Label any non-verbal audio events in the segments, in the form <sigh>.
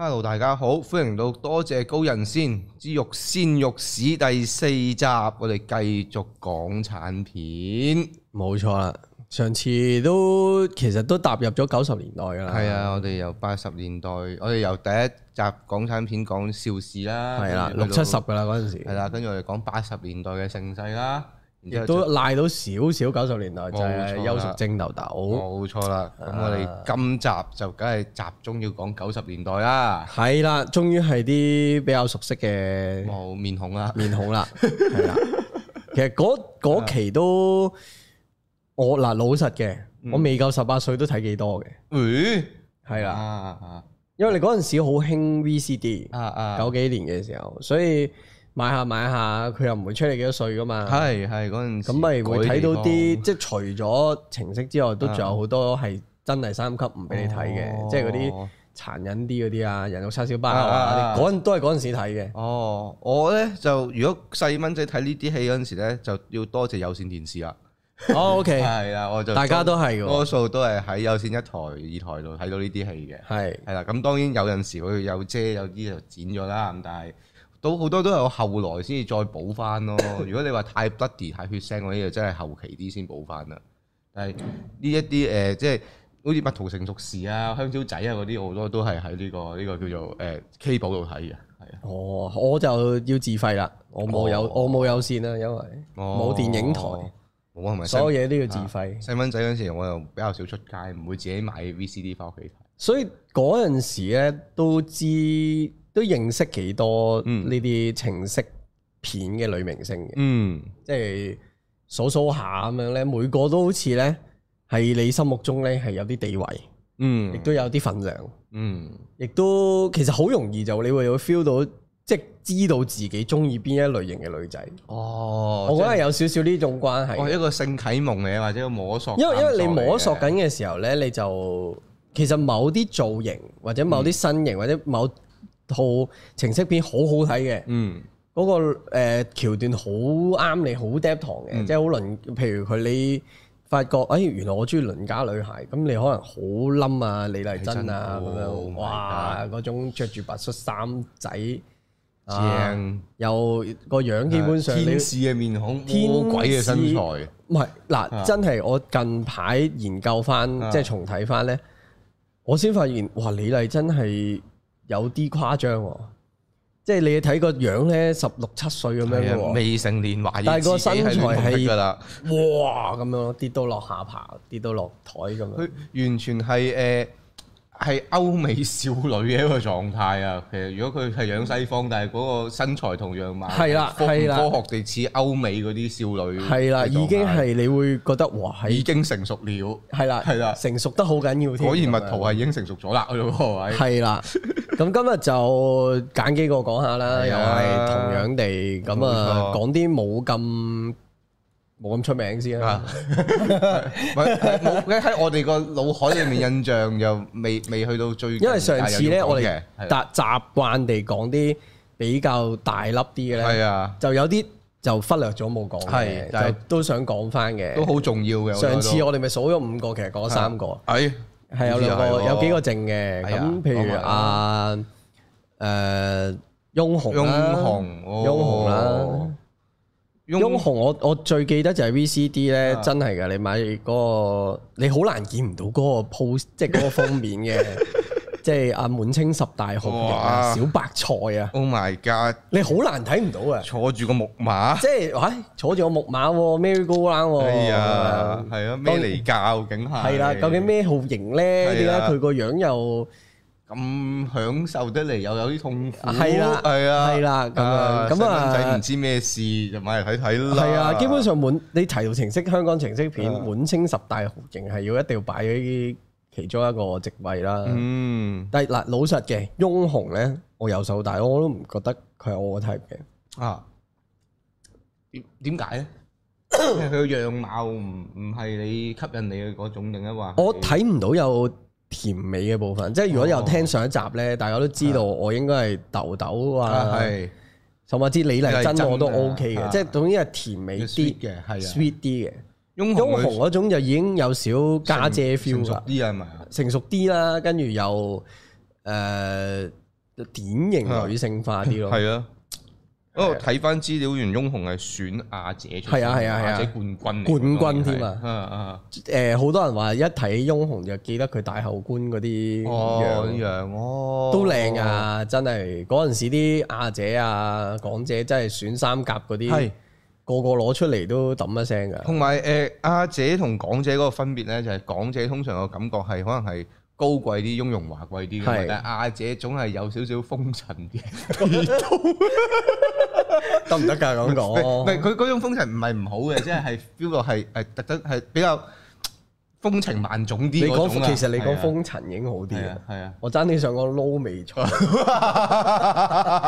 Hello，大家好，歡迎到多謝高人先之慾先慾史第四集，我哋繼續講產片，冇錯啦。上次都其實都踏入咗九十年代噶啦，係啊，我哋由八十年代，我哋由第一集港產片講邵氏啦，係啦的，六七十噶啦嗰陣時，係啦，跟住我哋講八十年代嘅盛世啦。亦都賴到少少九十年代就係邱淑貞豆豆，冇錯啦。咁我哋今集就梗係集中要講九十年代啦。係啦，終於係啲比較熟悉嘅面孔啦，面孔啦。係啦，其實嗰期都我嗱老實嘅，我未夠十八歲都睇幾多嘅。咦？係啦，因為你嗰陣時好興 VCD，九幾年嘅時候，所以。買下買下，佢又唔會出你幾多歲噶嘛。係係嗰陣時，咁咪會睇到啲，即係除咗情色之外，都仲有好多係真係三級唔俾你睇嘅，即係嗰啲殘忍啲嗰啲啊，人肉叉燒包啊，嗰陣都係嗰陣時睇嘅。哦，我咧就如果細蚊仔睇呢啲戲嗰陣時咧，就要多謝有線電視啦。哦，OK，係啊，我就大家都係多數都係喺有線一台、二台度睇到呢啲戲嘅。係係啦，咁當然有陣時會有遮，有啲就剪咗啦。咁但係。都好多都係我後來先至再補翻咯。如果你話太 bloody、太血腥嗰啲，就真係後期啲先補翻啦。但係呢一啲誒，即係好似蜜桃成熟時啊、香蕉仔啊嗰啲，好多都係喺呢個呢、呢個叫做誒 K 寶度睇嘅。係、呃、啊。哦，我就要自費啦。我冇有、哦、我冇有線啦，因為冇電影台，冇啊、哦，唔係、哦哦、所有嘢都要自費。細蚊、啊、仔嗰陣時，我又比較少出街，唔會自己買 VCD 翻屋企睇。所以嗰陣時咧都知。都認識幾多呢啲情色片嘅女明星嘅，嗯，即係數數下咁樣咧，每個都好似咧，係你心目中咧係有啲地位，嗯，亦都有啲份量，嗯，亦都其實好容易就你會有 feel 到，即係知道自己中意邊一類型嘅女仔。哦，我覺得係有少少呢種關係。哦，一個性啟蒙嚟，或者個摸索。因為因為你摸索緊嘅時候咧，嗯，你就其實某啲造型或者某啲身形或者某。套情色片好好睇嘅，嗯，嗰個誒橋段好啱你，好 deep 堂嘅，即係好鄰。譬如佢你發覺，哎，原來我中意鄰家女孩，咁你可能好冧啊，李麗珍啊咁樣，哇，嗰種着住白恤衫仔，正又個樣，基本上天使嘅面孔，魔鬼嘅身材，唔係嗱，真係我近排研究翻，即係重睇翻咧，我先發現，哇，李麗珍係。有啲誇張喎，即係你睇個樣咧，十六七歲咁樣，未成年懷疑，但係個身材係㗎啦，哇咁樣跌到落下巴，跌到落台咁樣，佢完全係誒。呃係歐美少女嘅一個狀態啊！其實如果佢係養西方，但係嗰個身材同樣貌，係啦，科，係啦，科學地似歐美嗰啲少女，係啦，已經係你會覺得哇，已經成熟了，係啦，係啦，成熟得好緊要添。果然蜜桃係已經成熟咗啦，係啦。咁今日就揀幾個講下啦，啊、又係同樣地咁啊，講啲冇咁。冇咁出名先，唔冇，喺我哋個腦海裏面印象又未未去到最，因為上次咧我哋習習慣地講啲比較大粒啲嘅咧，就有啲就忽略咗冇講，係就都想講翻嘅，都好重要嘅。上次我哋咪數咗五個，其實講咗三個，係係有兩個有幾個剩嘅。咁譬如阿誒翁虹啦，翁虹啦。翁虹我我最記得就係 VCD 咧，真係噶，你買嗰個你好難見唔到嗰個 pose，即係嗰個封面嘅，即係阿滿清十大酷刑小白菜啊，Oh my god！你好難睇唔到啊，坐住個木馬，即係喂，坐住個木馬，Merry go round 喎？係啊，係咯，咩嚟教？究竟係啦？究竟咩酷刑咧？點解佢個樣又？咁享受得嚟又有啲痛苦，係啦，係啦啦啊，係啦，咁啊，咁啊，仔唔知咩事就買嚟睇睇啦。係啊，基本上滿你提到情色香港情色片，滿清十大酷刑係要一定要擺喺其中一個席位啦。嗯，但係嗱老實嘅翁虹咧，我由細到大我都唔覺得佢係我嘅 type 嘅啊。點點解咧？佢 <coughs> 樣貌唔唔係你吸引你嘅嗰種定係話。我睇唔到有。甜美嘅部分，即係如果有聽上一集咧，大家都知道我應該係豆豆啊，甚至李麗珍我都 OK 嘅，啊、即係總之係甜美啲嘅，係啊，sweet 啲嘅。翁虹嗰種就已經有少家姐 feel 啦，成熟啲係咪成熟啲啦，跟住又誒典型女性化啲咯。係啊。嗰個睇翻資料完，翁虹係選亞姐，係啊係啊係、啊、亞姐冠軍，冠軍添啊！誒，好、啊、多人話一睇翁虹就記得佢大後官嗰啲樣樣哦，都靚啊，真係嗰陣時啲亞姐啊、港姐真係選三甲嗰啲，是個個攞出嚟都揼一聲㗎。同埋誒亞姐同港姐嗰個分別咧，就係、是、港姐通常個感覺係可能係。高貴啲雍容華貴啲，嘅，但係亞姐總係有少少風塵啲，得唔得噶咁講？佢嗰種風塵唔係唔好嘅，即係係 feel 到係係特登係比較風情萬種啲。你講，其實你講風塵已經好啲啊！我爭啲想講撈眉菜，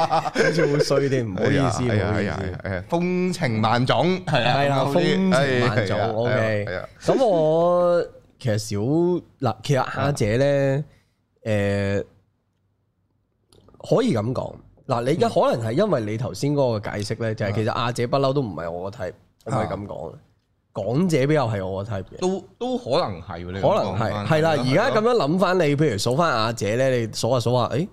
好似會衰啲，唔好意思，唔好意思。風情萬種係啊，風情萬種，OK。咁我。其實小，嗱，其實阿姐咧，誒、啊欸，可以咁講嗱，你而家可能係因為你頭先嗰個解釋咧，就係、是、其實阿姐不嬲都唔係我嘅 type，可以咁講嘅，港姐比較係我嘅 type，、啊、都都可能係，你可能係係啦，而家咁樣諗翻你，譬如數翻阿姐咧，你數下數下，誒、哎，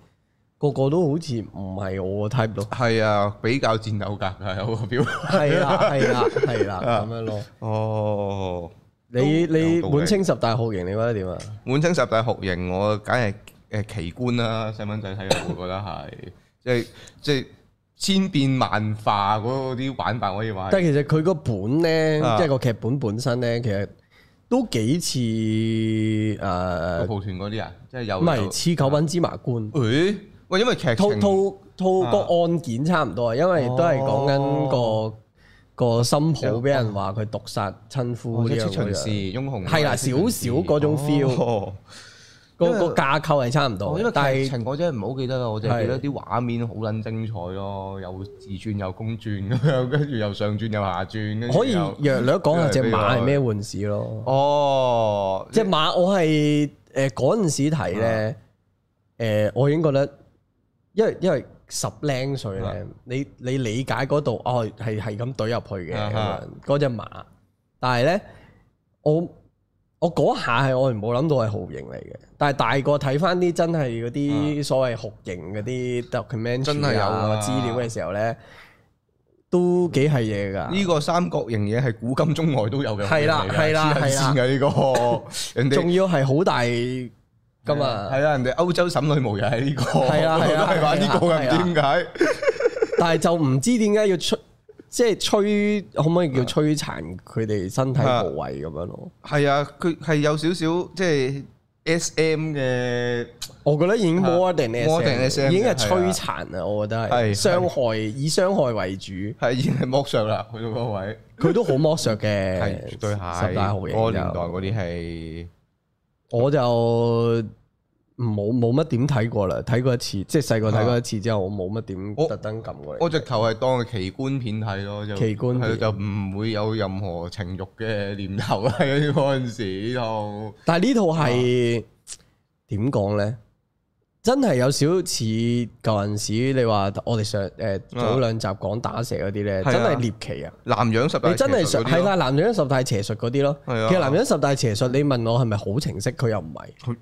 個個都好似唔係我嘅 type 咯，係啊，比較戰鬥噶，係啊，有個表、 <laughs> 嗯，係啦係啦係啦咁樣咯、 <laughs> 嗯，哦。你你滿清十大酷刑你覺得點啊？滿清十大酷刑我梗係誒奇觀啦，細蚊仔睇我覺得係即係即係千變萬化嗰啲玩法可以玩。但係其實佢個本咧，即係、啊、個劇本本身咧，其實都幾似誒蒲團嗰啲啊，啊即係有唔係似九品芝麻官？誒、啊，喂、欸，因為劇套套套個案件差唔多啊，因為都係講緊個、啊。啊個心抱俾人話佢毒殺親夫出巡、哦、雄，係啦了，少少嗰種 feel，個架構係差唔多。但係，陳果真係唔好記得啦，我淨係記得啲畫面好捻精彩咯，有自轉有公轉，咁又跟住又上轉又下轉，可以略略講下隻馬係咩玩事咯。哦，隻馬我係誒嗰陣時睇咧，誒、呃、我已經覺得，因為因為。因為十零歲咧，的你你理解嗰度哦，係係咁懟入去嘅，嗰隻的馬。但係咧，我我嗰下係我冇諗到係酷刑嚟嘅。但係大個睇翻啲真係嗰啲所謂酷刑嗰啲 document 真係有資料嘅時候咧，的都幾係嘢㗎。呢個三角形嘢係古今中外都有嘅，係啦係啦係啦。人哋仲要係好大。咁啊，係啊，人哋歐洲審女模又係呢個，都係話呢個，咁點解？但係就唔知點解要吹，即係摧，可唔可以叫摧殘佢哋身體部位咁樣咯？係啊，佢係有少少即係 S M 嘅，我覺得已經 more than S M 已經係摧殘啊，我覺得係傷害，以傷害為主，係已經係剝削啦。佢個位，佢都好剝削嘅，絕對係。嗰個年代嗰啲係。我就冇冇乜點睇過啦，睇過一次，即係細個睇過一次之後，啊、我冇乜點特登咁嘅。我只球係當係奇觀片睇咯，就奇觀係就唔會有任何情慾嘅念頭啦。嗰 <laughs> 陣 <laughs> 時呢套，但係、啊、呢套係點講咧？真係有少少似舊陣時，你話我哋上誒早兩集講打蛇嗰啲咧，啊、真係獵奇啊！南洋十大，你真係上係啦，南洋十大邪術嗰啲咯。啊、其實南洋十大邪術，你問我係咪好情色，佢又唔係，佢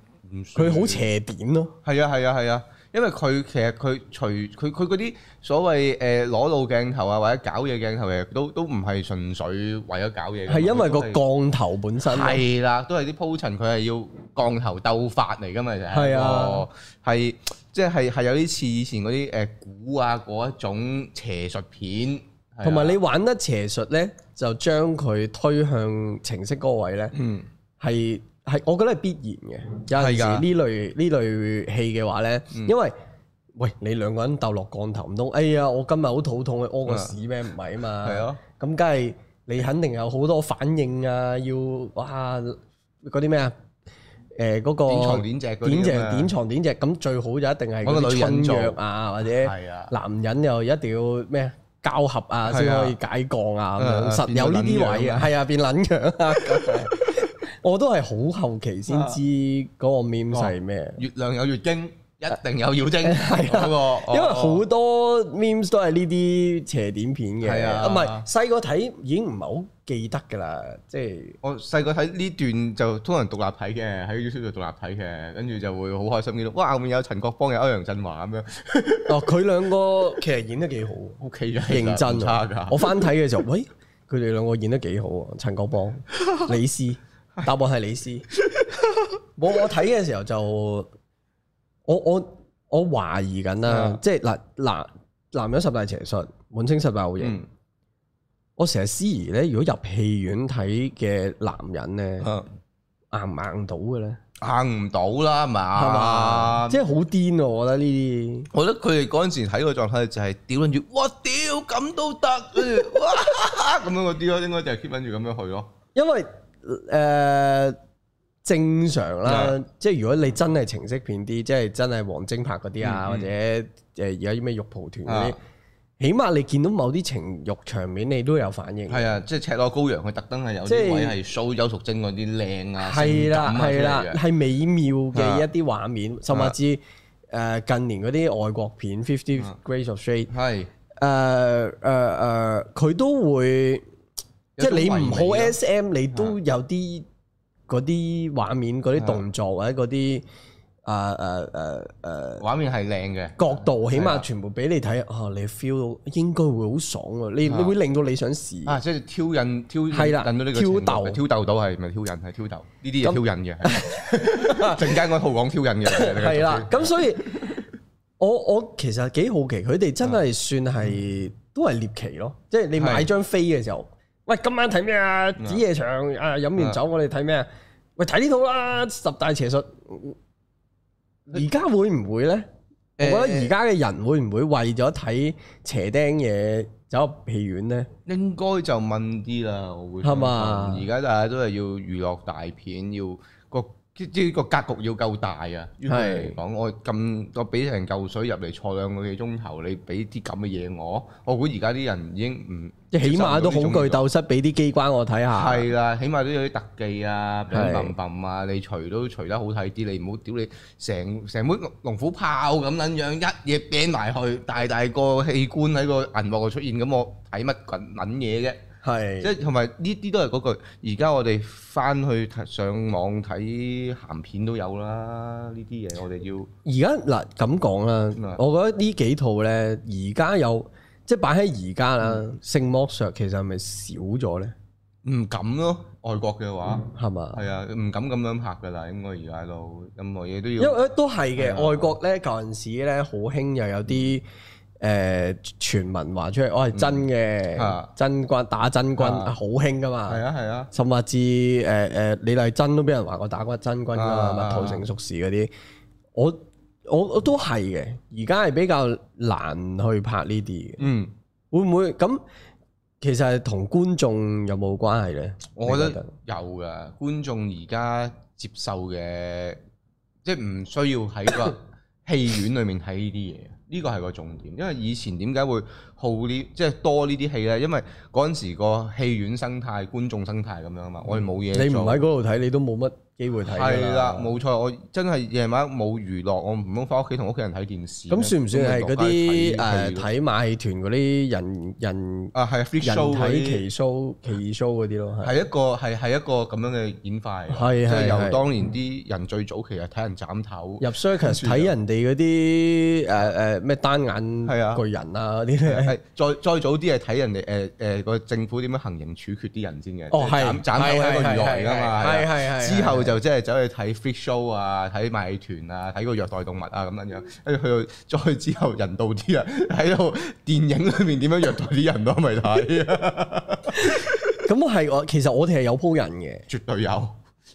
佢好邪典咯。係啊，係啊，係啊。因為佢其實佢除佢佢嗰啲所謂誒、呃、裸露鏡頭啊或者搞嘢鏡頭嘅，都都唔係純粹為咗搞嘢，係因為個降頭本身係啦，都係啲鋪陳，佢係要降頭鬥法嚟噶嘛，就係、是呃、啊，係即係係有啲似以前嗰啲誒古啊嗰一種邪術片，同埋、啊、你玩得邪術咧，就將佢推向情色高位咧，嗯，係。係，我覺得係必然嘅。有陣時呢類呢類戲嘅話咧，因為喂你兩個人鬥落降頭唔通，哎呀我今日好肚痛去屙個屎咩？唔係啊嘛，係啊，咁梗係你肯定有好多反應啊！要哇嗰啲咩啊？誒嗰個點床點隻，點床點隻咁最好就一定係嗰個春藥啊，或者男人又一定要咩交合啊，先可以解降啊，實有呢啲位啊，係啊變撚樣啊。我都係好後期先知嗰個 memes 係咩、啊哦？月亮有月經，一定有妖精嗰個，因為好多 memes 都係呢啲邪點片嘅。啊，唔係細個睇已經唔係好記得噶啦，即、就、係、是、我細個睇呢段就通常獨立睇嘅，喺 YouTube 度獨立睇嘅，跟住就會好開心見到哇！後面有陳國邦有歐陽震華咁樣，哦、 <laughs> 啊，佢兩個其實演得幾好，O K 啊，okay，認真，差我翻睇嘅時候，喂，佢哋兩個演得幾好啊？陳國邦、李詩。答案係李斯，我我睇嘅時候就我我我懷疑緊啦，即係嗱嗱男人十大邪術，滿清十大好型。我成日思疑咧，如果入戲院睇嘅男人咧，硬唔硬到嘅咧？硬唔到啦，係嘛？即係好癲，我覺得呢啲。我覺得佢哋嗰陣時睇個狀態就係屌撚住，哇，屌咁都得，咁樣嗰啲咯，應該就係 keep 撚住咁樣去咯。因為誒正常啦，即係如果你真係情色片啲，即係真係王晶拍嗰啲啊，或者誒而家啲咩玉蒲團嗰啲，起碼你見到某啲情慾場面，你都有反應。係啊，即係赤裸羔羊，佢特登係有啲位係 show 邱淑貞嗰啲靚啊，係啦係啦，係美妙嘅一啲畫面，甚至誒近年嗰啲外國片《Fifty Shades of Grey》係誒誒佢都會。即係你唔好 S M，你都有啲嗰啲畫面，嗰啲動作或者嗰啲誒誒誒誒，畫面係靚嘅角度，起碼全部俾你睇啊！你 feel 到應該會好爽啊！你你會令到你想試啊！即係挑引挑係啦，引到你挑逗，挑逗到係咪挑引係挑逗呢啲嘢，挑引嘅，陣間我好講挑引嘅係啦。咁所以，我我其實幾好奇，佢哋真係算係都係獵奇咯。即係你買張飛嘅時候。喂，今晚睇咩啊？子夜場啊，飲完酒、啊、我哋睇咩啊？喂，睇呢套啦，《十大邪術》會會。而家會唔會咧？我覺得而家嘅人會唔會為咗睇邪釘嘢走入戲院咧？應該就問啲啦，我會。係嘛吧？而家大家都係要娛樂大片要。即係呢個格局要夠大啊！嚟講我咁我俾成嚿水入嚟坐兩個幾鐘頭，你俾啲咁嘅嘢我，我估而家啲人已經唔即起碼都恐懼鬥室俾啲機關我睇下。係啦，起碼都有啲特技啊，掹掹掹啊，你除都除得好睇啲，你唔好屌你成成盤龍虎豹咁撚樣一嘢掟埋去，大大個器官喺個銀幕度出現，咁我睇乜撚撚嘢嘅？係，即係同埋呢啲都係嗰句。而家我哋翻去上網睇鹹片都有啦，呢啲嘢我哋要。而家嗱咁講啦，嗯、我覺得呢幾套咧，而家有即係擺喺而家啦，性剝削其實係咪少咗咧？唔敢咯，外國嘅話係嘛？係、嗯、啊，唔敢咁樣拍㗎啦，應該而家都任何嘢都要。因為都係嘅，啊、外國咧舊陣時咧好興又有啲。嗯誒，傳聞話出嚟，我係真嘅，嗯啊、真軍打真軍好興噶嘛，係啊係啊，啊甚至誒誒、呃，李麗珍都俾人話我打過真軍噶嘛，蜜桃成熟時嗰啲，我我我都係嘅，而家係比較難去拍呢啲。嗯，會唔會咁？其實係同觀眾有冇關係咧？我覺得有噶，觀眾而家接受嘅，即係唔需要喺個戲院裏面睇呢啲嘢。 <laughs> 呢個係個重點，因為以前點解會。好呢，即係多呢啲戲咧，因為嗰陣時個戲院生態、觀眾生態咁樣啊嘛，我哋冇嘢。你唔喺嗰度睇，你都冇乜機會睇。係啦，冇錯，我真係夜晚冇娛樂，我唔通返屋企同屋企人睇電視。咁算唔算係嗰啲誒睇馬戲團嗰啲人人啊？係 freak show 奇 show 奇 show 嗰啲咯，係一個係係一個咁樣嘅演化，即係由當年啲人最早期係睇人斬頭，入 s e a 睇人哋嗰啲誒誒咩單眼巨人啊啲係再再早啲係睇人哋誒誒個政府點樣行刑處決啲人先嘅，斬斬到係個魚鰻㗎嘛。之後就即係走去睇 free show 啊，睇馬戲團啊，睇個虐待動物啊咁樣樣，跟住去到再之後人道啲啊，喺度電影裏面點樣虐待啲人都咪睇。咁 <laughs> <laughs> 我係我其實我哋係有鋪人嘅，絕對有。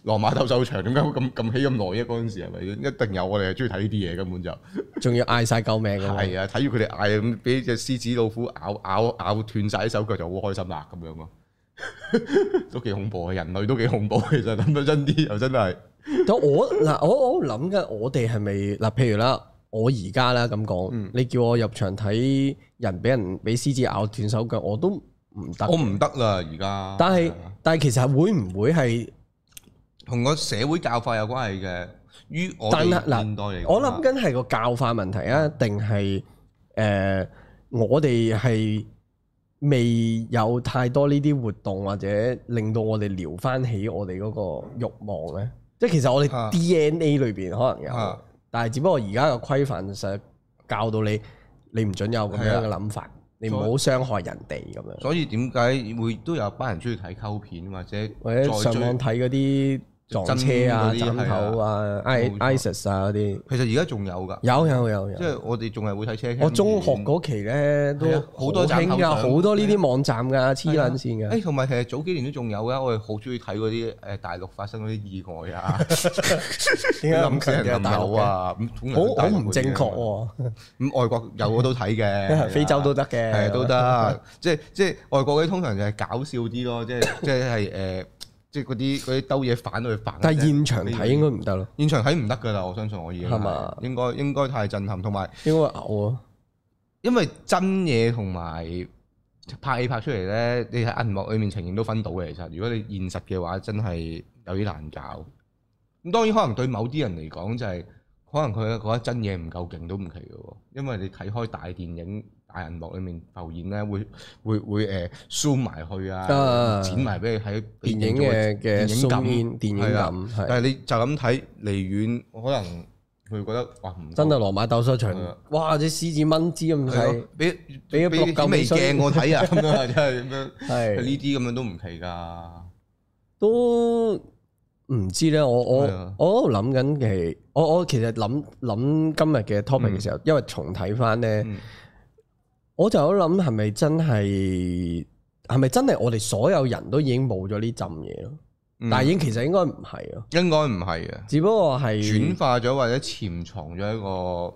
羅馬鬥獸場點解會咁咁起咁耐嘅？嗰陣時係咪？一定有，我哋係中意睇呢啲嘢，根本就仲要嗌晒救命嘅。係啊，睇住佢哋嗌，咁俾隻獅子老虎咬咬咬斷晒手腳就好開心啦，咁樣咯， <laughs> 都幾恐怖嘅。人類都幾恐怖，其實諗到真啲又真係。但我嗱，我我諗緊，我哋係咪嗱？譬如啦，我而家啦咁講，你叫我入場睇人俾人俾獅子咬斷手腳，我都唔得，我唔得啦。而家但係是但係，其實會唔會係？同個社會教化有關係嘅？於我哋現代嚟，是我諗緊係個教化問題啊，定係誒我哋係未有太多呢啲活動，或者令到我哋撩返起我哋嗰個慾望咧？即係其實我哋 DNA 裏邊可能有，啊、但係只不過而家嘅規範實教到你，你唔準有咁樣嘅諗法，的你唔好傷害人哋咁再樣。所以點解會都有班人鍾意睇溝片，或者或者上網睇嗰啲撞車啊、枕頭啊、ISIS 啊嗰啲，其實而家仲有㗎。有有有有。即係我哋仲係會睇車。我中學嗰期咧都好多枕頭，好多呢啲網站㗎，黐撚線㗎。誒，同埋其實早幾年都仲有㗎，我哋好鍾意睇嗰啲誒大陸發生嗰啲意外啊。點解？冧車、冧頭啊，好好唔正確喎。咁外國有我都睇嘅，非洲都得嘅，係都得。即係即係外國嗰啲通常就係搞笑啲咯，即係即係誒。即係嗰啲嗰啲兜嘢反到去反，但係現場睇應該唔得咯，現場睇唔得㗎喇，我相信我已經吧應該應該太震撼，同埋應該嘔啊，因為真嘢同埋拍戲拍出嚟咧，你喺銀幕裏面情形都分到嘅，其實如果你現實嘅話，真係有啲難搞。咁當然可能對某啲人嚟講就係、是，可能佢覺得真嘢唔夠勁都唔奇嘅喎，因為你睇開大電影。大銀幕裏面浮現咧，會會會誒 show 埋去啊，剪埋俾佢喺電影嘅嘅感，電影感。但係你就咁睇，離遠，可能佢覺得哇，真係羅馬鬥獸場，哇！隻獅子蚊子咁睇，俾俾個薄鏡我睇啊，咁樣真係咁樣係呢啲咁樣都唔奇㗎，都唔知咧。我我我諗緊係，我我其實諗諗今日嘅 topic 嘅時候，因為重睇翻咧。我就有諗，係咪真係，係咪真係我哋所有人都已經冇咗呢浸嘢咯？嗯、但係已經其實應該唔係咯，應該唔係嘅，只不過係轉化咗或者潛藏咗一個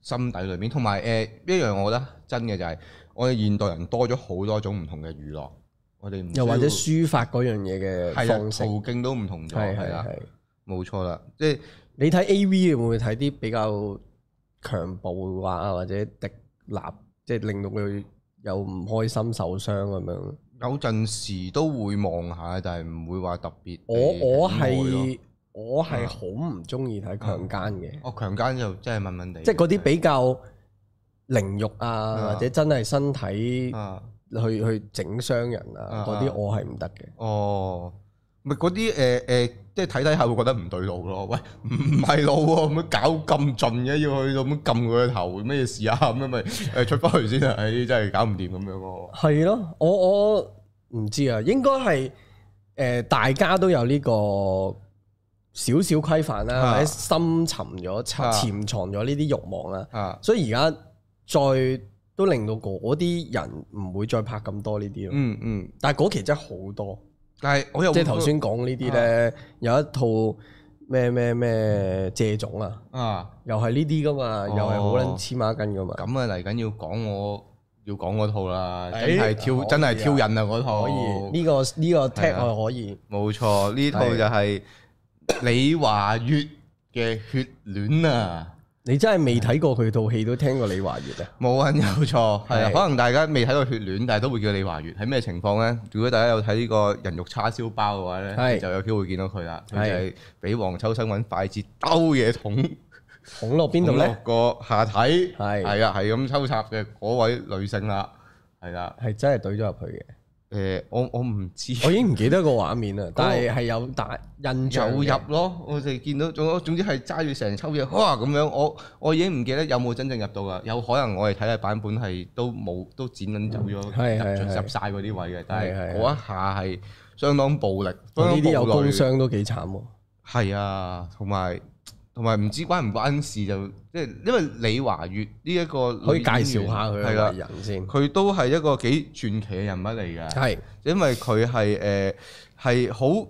心底裏面。同埋誒，一樣我覺得真嘅就係，我哋現代人多咗好多種唔同嘅娛樂，我哋又或者抒發嗰樣嘢嘅，嗯、途徑都唔同咗，係啦，冇錯啦。即係，就是，你睇 A V 會唔會睇啲比較強暴啊，或者滴立？即係令到佢有唔開心受傷咁樣，有陣時都會望下，但係唔會話特別。我我係我係好唔中意睇強奸嘅。哦，強奸就真係即係問問地。即係嗰啲比較凌辱啊，嗯、或者真係身體去、嗯、去整傷人啊，嗰啲、嗯、我係唔得嘅。哦。咪嗰啲誒誒，即係睇睇下會覺得唔對路咯。喂，唔係路喎，咁樣搞咁盡嘅，要去到咁撳佢個頭，咩事啊？咁樣咪誒出翻去先啊！誒， <laughs> 真係搞唔掂咁樣咯。係咯，我我唔知啊，應該係誒，大家都有呢個少少規範啦，或者的深沉咗、潛的藏咗呢啲欲望啦。所以而家再都令到嗰啲人唔會再拍咁多呢啲咯。嗯嗯，但係嗰期真係好多。但係我又，即係頭先講呢啲咧，啊、有一套咩咩咩借種啊，又係呢啲噶嘛，哦、又係好撚黐孖筋噶嘛。咁啊，嚟緊要講，我要講嗰套啦，真係挑，真係挑人啊！嗰套呢個呢個踢可以，冇錯，呢套就係李華月嘅血戀啊！ <coughs> <coughs> 你真係未睇過佢套戲都聽過李華月啊？冇啊，有錯係啊，可能大家未睇過血戀，但係都會叫李華月。係咩情況呢？如果大家有睇呢個人肉叉燒包嘅話呢，就有機會見到佢啦。佢就係俾黃秋生揾筷子兜嘢捅，捅落邊度呢？個下體係係咁抽插嘅嗰位女性啦，係啦，係真係懟咗入去嘅。誒，我我唔知、那個啊，我已經唔記得個畫面啦。但係係有大印象入咯，我就見到總之係揸住成抽嘢，哇咁樣。我我已經唔記得有冇真正入到噶，有可能我哋睇嘅版本係都冇都剪撚走咗、嗯、入入曬嗰啲位嘅。但係嗰一下係相當暴力，呢啲有工傷都幾慘喎。係啊，同埋。同埋唔知關唔關事就，即係因為李華月呢一個，可以介紹下佢係啦，佢都係一個幾傳奇嘅人物嚟㗎。係，因為佢係誒係好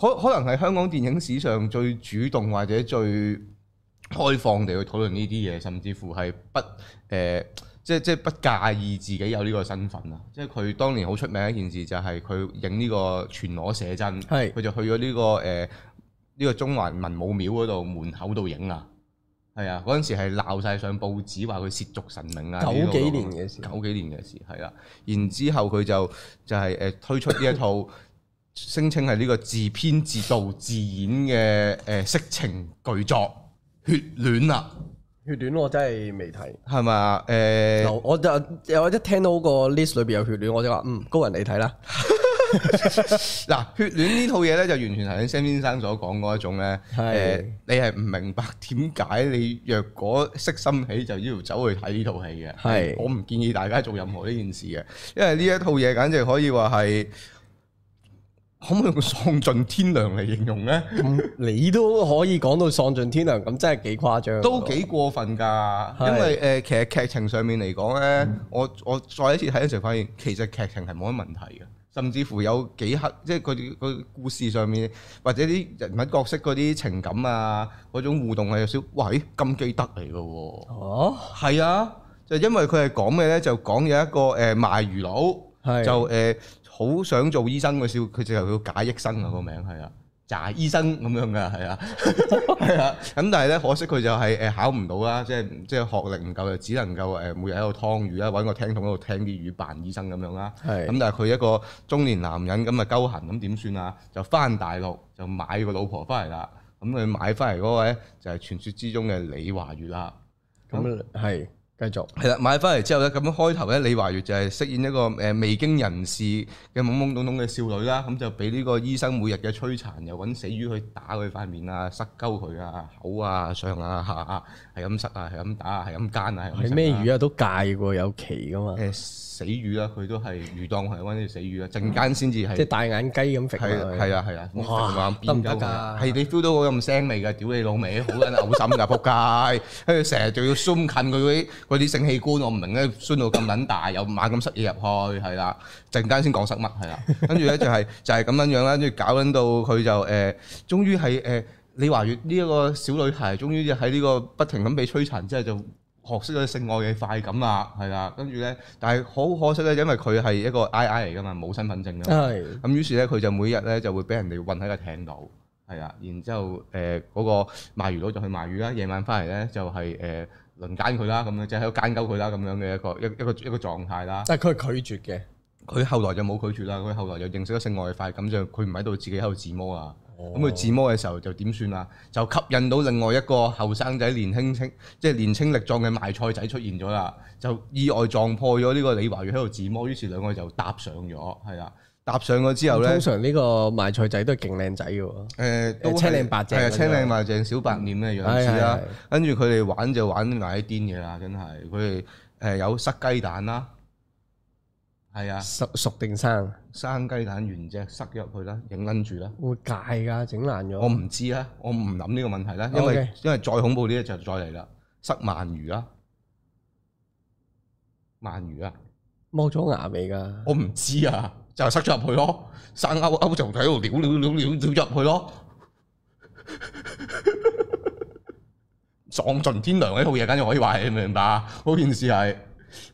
可可能係香港電影史上最主動或者最開放地去討論呢啲嘢，甚至乎係不誒、呃、即即不介意自己有呢個身份啊！嗯、即係佢當年好出名一件事就係佢影呢個全裸寫真，係佢係就去咗呢個誒。呃呢個中環文武廟嗰度門口度影啊，係啊，嗰陣時係鬧曬上報紙話佢褻瀆神明啊！九幾年嘅事，呢個、九幾年嘅事係啦，然之後佢就就係、係、誒推出呢一套，聲稱係呢個自編自導自演嘅誒色情巨作《血戀》啊，血《欸、血戀》我真係未睇，係咪啊？誒，我就我一聽到個 list 裏邊有《血戀》，我就話嗯，高人你睇啦。 <laughs> 嗱， <laughs> 血戀呢套嘢咧，就完全係啱 Sam 先生所講嗰一種咧。誒是、呃，你係唔明白點解你若果色心起，就要走去睇呢套戲嘅？係是、嗯，我唔建議大家做任何呢件事嘅，因為呢一套嘢簡直可以話係可唔可以用喪盡天良嚟形容咧？咁、嗯、 <laughs> 你都可以講到喪盡天良，咁真係幾誇張，都幾過分噶。是因為誒、呃，其實劇情上面嚟講咧，嗯、我我再一次睇嘅時候，發現其實劇情係冇乜問題嘅。甚至乎有幾黑，即係佢佢故事上面，或者啲人物角色嗰啲情感啊，嗰種互動係有少，喂，咦咁記得嚟嘅喎。哦，係啊，就因為佢係講咩咧，就講有一個誒賣、欸、魚佬，啊、就誒好、欸、想做醫生嘅少，佢就係叫假醫生啊、嗯、個名係啊。揸醫生咁樣噶，係啊，係啊，咁但係咧，可惜佢就係、是、誒考唔到啦，即係即係學歷唔夠，就只能夠誒每日喺度劏魚啦，揾個聽筒喺度聽啲魚扮醫生咁樣啦。係，咁但係佢一個中年男人咁啊，鳩痕，咁點算啊？就返大陸就買個老婆返嚟啦。咁佢買返嚟嗰個咧，就係傳説之中嘅李華月啦。咁係的。繼續係啦，買翻嚟之後咧，咁樣開頭咧，李華月就係飾演一個誒未經人事嘅懵懵懂懂嘅少女啦。咁就俾呢個醫生每日嘅摧殘，又揾死魚去打佢塊面啊，塞鳩佢啊，口啊，上啊，下啊，係咁塞啊，係咁打啊，係咁奸啊。係咩魚啊？都戒過，有奇噶嘛、欸？死魚啊，佢都係魚檔係揾啲死魚啊，陣間先至係。即係、嗯、大眼雞咁食係啊係啊哇！了得㗎係你 feel 到嗰陣腥味㗎，屌你老味，好撚嘔心㗎，仆街！ <laughs> 跟住成日仲要 zoom 近佢啲。 <laughs> <laughs> <laughs> 嗰啲性器官我唔明咧，酸到咁撚大，又猛咁塞嘢入去，係啦，陣間先講塞乜，係啦，跟住咧就係就係咁樣樣啦，跟住 <laughs> 搞緊到佢就誒、呃，終於係誒、呃，李華月呢一個小女孩，終於喺呢個不停咁被摧殘，之後就學識咗性愛嘅快感啦，係啦，跟住咧，但係好可惜咧，因為佢係一個 I I 嚟噶嘛，冇身份證噶嘛，係的，咁於是咧佢就每日咧就會俾人哋韞喺個艇度，係啊，然之後誒嗰、呃那個賣魚佬就去賣魚啦，夜晚翻嚟咧就係、是、誒。呃輪奸佢啦，咁樣即係喺度奸鳩佢啦，咁樣嘅一個一一個一個,一個狀態啦。即係佢拒絕嘅，佢後來就冇拒絕啦。佢後來就認識咗性外快，咁就佢唔喺度自己喺度自摸啦。咁佢、哦、自摸嘅時候就點算啦？就吸引到另外一個後生仔年輕青，即係年輕力壯嘅賣菜仔出現咗啦。就意外撞破咗呢個李華月喺度自摸，於是兩個就搭上咗，係啦。搭上咗之後咧，通常呢個賣菜仔都係勁靚仔嘅。誒、呃，都青靚白淨，係啊，青靚白淨小白臉嘅樣子啦。嗯、跟住佢哋玩就玩牙醫癲嘅啦，真係。佢哋誒有塞雞蛋啦，係啊，熟熟定生？生雞蛋原隻塞入去啦，影撚住啦。會解噶，整爛咗。我唔知啊，我唔諗呢個問題啦，因為 Okay. 因為再恐怖啲就再嚟啦，塞鰻魚啦，鰻魚啊，冇咗牙味噶。我唔知啊。 <laughs> <laughs> 就塞咗入去咯，生勾勾就喺度撩撩撩撩撩入去咯，喪 <laughs> 盡天良呢套嘢，簡直可以話係你明唔明白？嗰件事係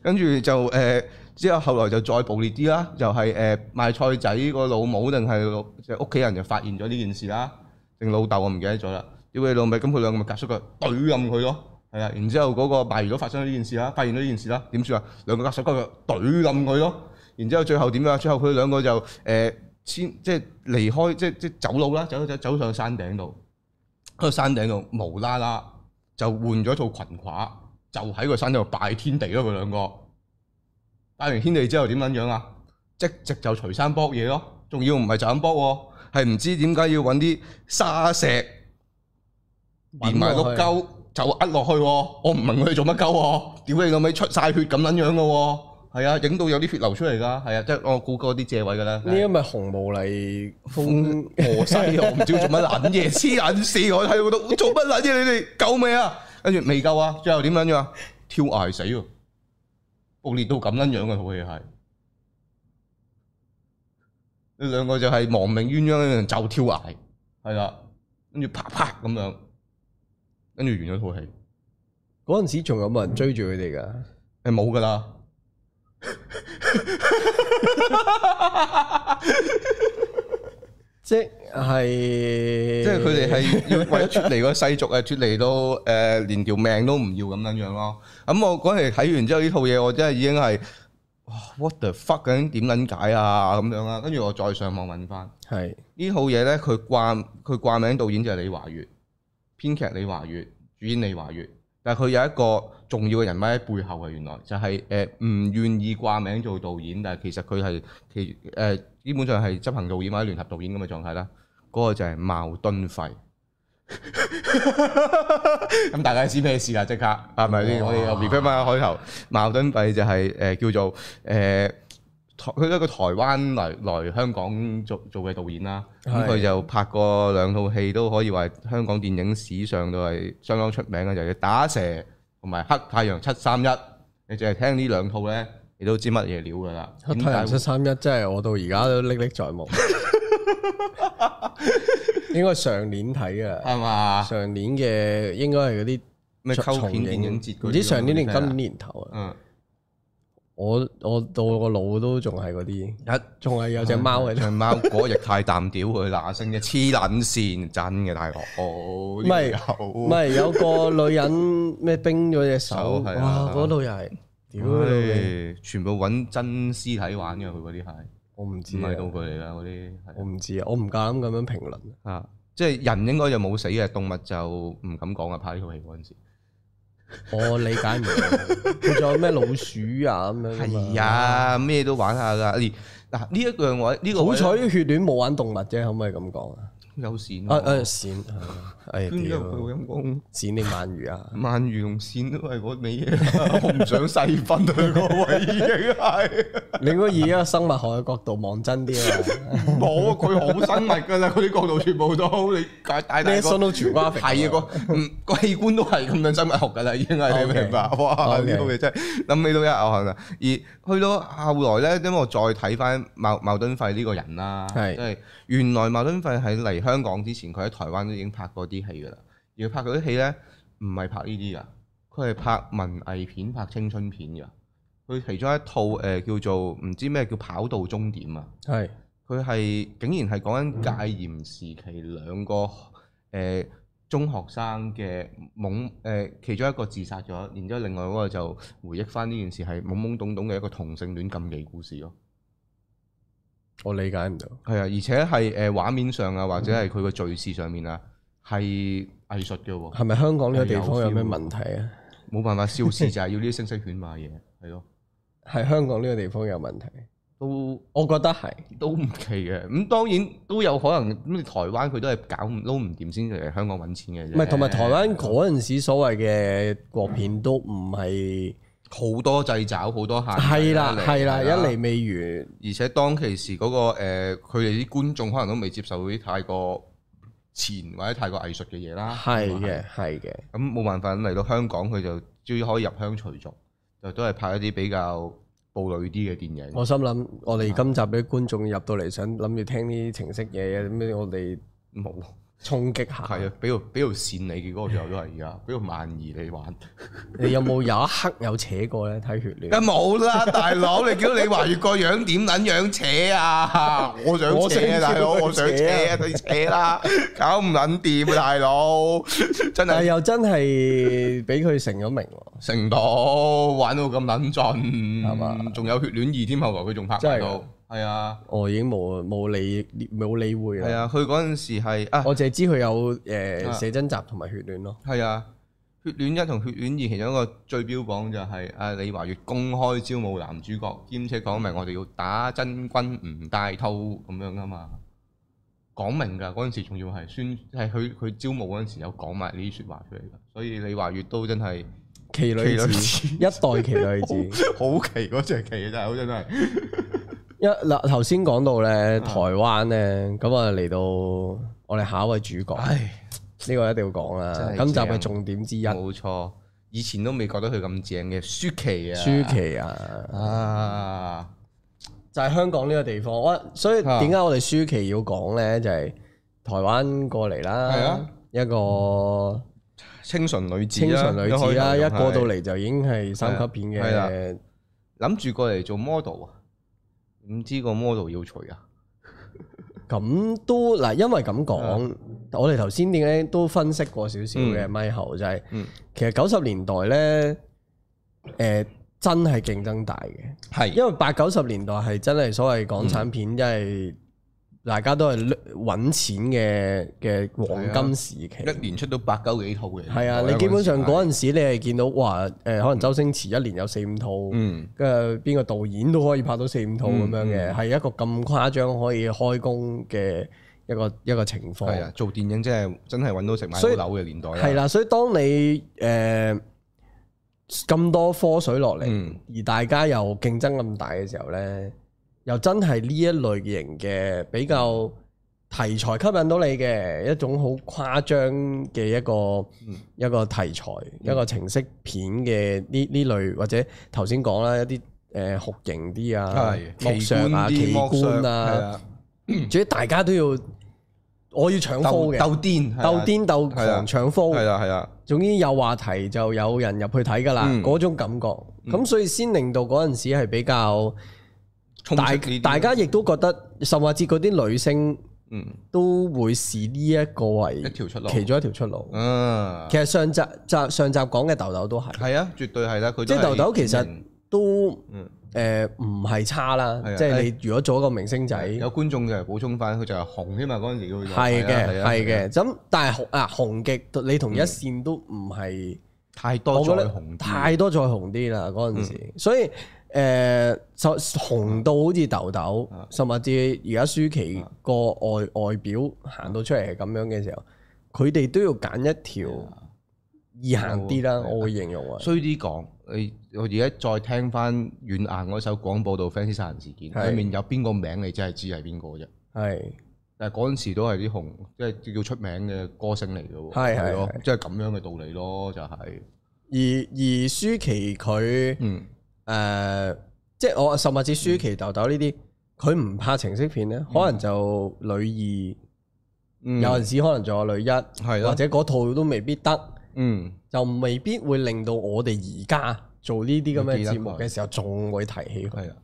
跟住就誒、呃、之後，後來就再暴烈啲啦，就係、是、誒、呃、賣菜仔個老母定係即係屋企人就發現咗呢件事啦，定老豆我唔記得咗啦。屌你老味，咁，佢兩個咪夾出個懟冧佢咯，係啊！然之後嗰個賣魚佬發生咗呢件事啦，發現咗呢件事啦，點算啊？兩個夾手夾腳懟冧佢咯。然之後最後點樣啊？最後佢哋兩個就誒先即係離開，即係走路啦，走走走上山頂度。喺個山頂度無啦啦，就換咗套裙褂，就喺個山度拜天地咯。佢兩個拜完天地之後點樣樣啊？即直就除衫卜嘢咯，仲要唔係就咁卜喎，係唔知點解要揾啲沙石連埋碌鳩就噏落去喎。我唔明佢做乜鳩喎？屌你個尾出晒血咁撚樣嘅喎！係啊，影到有啲血流出嚟噶，係啊，即係我估嗰啲借位噶啦。呢一咪紅毛嚟封河西，我唔知做乜捻嘢，黐捻線，我喺度度做乜捻嘢？你哋救未啊？跟住未救啊？最後點捻樣啊？跳崖死喎！暴裂到咁樣樣嘅套戲係，呢兩個就係亡命鴛鴦，就跳崖，係啦，跟住啪啪咁樣，跟住完咗套戲。嗰陣時仲有冇人追住佢哋噶？誒， <laughs> 冇噶啦。即係，即係佢哋係要為咗脫離個世俗啊，脫離到誒連條命都唔要咁樣樣咯。咁、嗯、我嗰日睇完之後呢套嘢，我真係已經係 What the fuck，究竟點撚解啊咁樣啦。跟住我再上網搵翻，係是呢套嘢咧，佢掛佢掛名導演就係李華月，編劇李華月，主演李華月，但係佢有一個。重要嘅人物喺背後啊！原來就係誒唔願意掛名做導演，但係其實佢係其誒基本上係執行導演或者聯合導演咁嘅狀態啦。嗰、那個就係牟敦芾。咁 <laughs> <laughs> <laughs> 大家知咩事啦？即刻係咪先？我哋 refer 翻開頭，牟敦芾就係誒叫做誒，佢都係一個台灣來來香港做做嘅導演啦。咁佢的、嗯、就拍過兩套戲，都可以話香港電影史上都係相當出名嘅，就係、是、打蛇。同埋黑太陽七三一，你淨係聽呢兩套咧，你都知乜嘢料噶啦？黑太陽七三一，真係我到而家都歷歷在目。 <laughs> <laughs> 應該上年睇啊，係嘛吧？上年嘅應該係嗰啲咩？cult 片影節，唔知上年定今年頭啊？嗯。我我到我個腦都仲係嗰啲，一仲係有隻貓喺度，隻貓嗰日太淡屌佢嗱聲嘅，黐撚線，真嘅，大哥。哦、oh, 是，唔係唔係，有個女人咩冰咗隻手，啊、哇，嗰度又係屌，全部揾真屍體玩嘅。佢嗰啲係，我唔知，唔係道具嚟噶嗰啲，我唔知啊，我唔敢咁樣評論啊，即係人應該就冇死嘅，動物就唔敢講啊，拍呢套戲嗰陣時。我理、 <noise> 哦、解唔到，仲 <laughs> 有咩老鼠啊咁樣？係啊，咩都玩下噶。嗱呢一樣話呢個好彩，血戀冇玩動物啫，可唔可以咁講啊？有線啊啊線，邊度佢咁講？線你鰻魚啊？鰻魚同鱔都係嗰味嘢，我唔想細分佢 <laughs> 個位已經係。你應該而家生物學嘅角度望真啲啊！冇，佢好生物㗎啦，嗰啲角度全部都你大解解。都全瓜皮？係啊，個器官都係咁樣生物學㗎啦，已經係你明白？Okay. 哇！呢套嘢真係諗起都一喉痕啊！而去到後來咧，因為我再睇翻矛矛盾費呢個人啦，係即係原來矛盾費係嚟。香港之前，佢喺台灣都已經拍過啲戲㗎啦。而佢拍嗰啲戲咧，唔係拍呢啲㗎，佢係拍文藝片、拍青春片㗎。佢其中一套誒、呃、叫做唔知咩叫《跑道終點》啊是。係。佢係竟然係講緊戒嚴時期兩個誒、呃、中學生嘅懵誒、呃，其中一個自殺咗，然之後另外嗰個就回憶返呢件事係懵懵懂懂嘅一個同性戀禁忌故事咯。我理解唔到，係啊，而且係誒畫面上啊，或者係佢個敘事上面、嗯、啊，係藝術嘅喎。係咪香港呢個地方有咩問題啊？冇辦法，笑市就係要呢啲聲色犬馬嘢，係咯。係香港呢個地方有問題，都我覺得係都唔奇嘅。咁當然都有可能，咁你台灣佢都係搞唔撈唔掂先至嚟香港揾錢嘅。唔係，同埋台灣嗰陣時所謂嘅國片都唔係。好多掣爪，好多客，係啦係啦，一嚟未完，而且當其時嗰個，呃佢哋啲觀眾可能都未接受啲太過前或者太過藝術嘅嘢啦。係嘅係嘅，咁冇辦法，嚟到香港佢就終於可以入鄉隨俗，就都係拍一啲比較暴女啲嘅電影。我心諗，我哋今集畀觀眾入到嚟，想諗住聽啲情色嘢，咁我哋冇。衝擊下，係啊！俾條俾條線你嘅嗰個時候都係而家，俾條萬二你玩， <laughs> 你有冇有，有一刻有扯過咧？睇血戀，冇啦、啊，大佬！你叫你李華月個樣點捻樣扯啊？我想扯啊，扯啊大佬！我想扯啊， <laughs> 你扯啦、啊，搞唔捻掂啊，大佬！真係又真係俾佢成咗名、啊， <laughs> 成到玩到咁捻盡係嘛？仲、嗯、有血戀二添啊？佢仲拍到的。係啊，我已經冇冇理冇理會啦。係啊，佢嗰陣時係啊，我淨係知佢有誒寫真集同埋血戀咯。係啊，血戀一同血戀二其中一個最標榜就係啊，李華月公開招募男主角，兼且講明我哋要打真軍唔帶套咁樣噶嘛，講明噶嗰陣時仲要係宣係佢佢招募嗰陣時有講埋呢啲說話出嚟噶，所以李華月都真係奇女子，女子 <laughs> 一代奇女子， <laughs> 好，好奇嗰隻、那個、奇啊，真係。 <laughs> 一嗱，頭先講到咧台灣咧，咁啊嚟到我哋下一位主角，唉，呢個一定要講啦，今集嘅重點之一。冇錯，以前都未覺得佢咁正嘅舒淇啊，舒淇啊，啊，啊就係香港呢個地方，我所以點解我哋舒淇要講咧？就係、係、台灣過嚟啦，嗯、一個清純女子、啊、清純女子啦、啊，一過到嚟就已經係三級片嘅，諗住過嚟做 model 啊。唔知個 model 要除啊？咁 <laughs> 都嗱，因為咁講，嗯、我哋頭先點解都分析過少少嘅 Michael 就係、是，嗯、其實九十年代咧，誒、呃、真係競爭大嘅，係是因為八九十年代係真係所謂港產片因為。嗯就是大家都係揾錢嘅嘅黃金時期，一年出到百九幾套嘅，係啊！你基本上嗰陣時，你係見到哇誒，可能周星馳一年有四五套，跟住邊個導演都可以拍到四五套咁樣嘅，係一個咁誇張可以開工嘅一個一個情況。係啊，做電影真係真係揾到食買到樓嘅年代啦。係啦，所以當你誒咁多科水落嚟，而大家又競爭咁大嘅時候呢。又真係呢一類型嘅比較題材吸引到你嘅一種好誇張嘅一個一個題材一個情色片嘅呢呢類，或者頭先講啦一啲誒酷型啲啊，魔上啊，奇觀啊，總之大家都要我要搶科嘅，鬥癲鬥癲鬥狂搶科，係啊係啊，總之有話題就有人入去睇噶啦，嗰種感覺咁，所以先令到嗰陣時係比較。大大家亦都覺得甚至嗰啲女星，嗯，都會視呢一個為，其中一條出路。嗯，其實上集集上集講嘅豆豆都係，係啊、嗯，絕對係啦。即係豆豆其實都，誒、嗯，唔係、呃、差啦。的即係你如果做一個明星仔，有觀眾嘅補充翻，佢就係紅添嘛。嗰陣時佢係嘅，係嘅。咁但係紅啊，紅極，你同一線都唔係太多在紅，太多再紅啲啦。嗰陣時，嗯、所以。誒，就紅到好似豆豆，甚至而家舒淇個外外表行到出嚟係咁樣嘅時候，佢哋都要揀一條易行啲啦。我會形容啊，衰啲講，你我而家再聽翻軟硬嗰首廣播道《Fans 殺人事件》，裏面有邊個名你真係知係邊個啫？係，但係嗰陣時都係啲紅，即係叫出名嘅歌星嚟嘅，係咯，即係咁樣嘅道理咯，就係。而而舒淇佢，嗯。誒，uh, 即係我甚至逗逗《十物志》舒淇豆豆呢啲，佢唔拍情色片咧，嗯、可能就女二，有陣時可能仲有女一，的或者嗰套都未必得，嗯，就未必會令到我哋而家做呢啲咁嘅節目嘅時候仲會提起佢，係啊。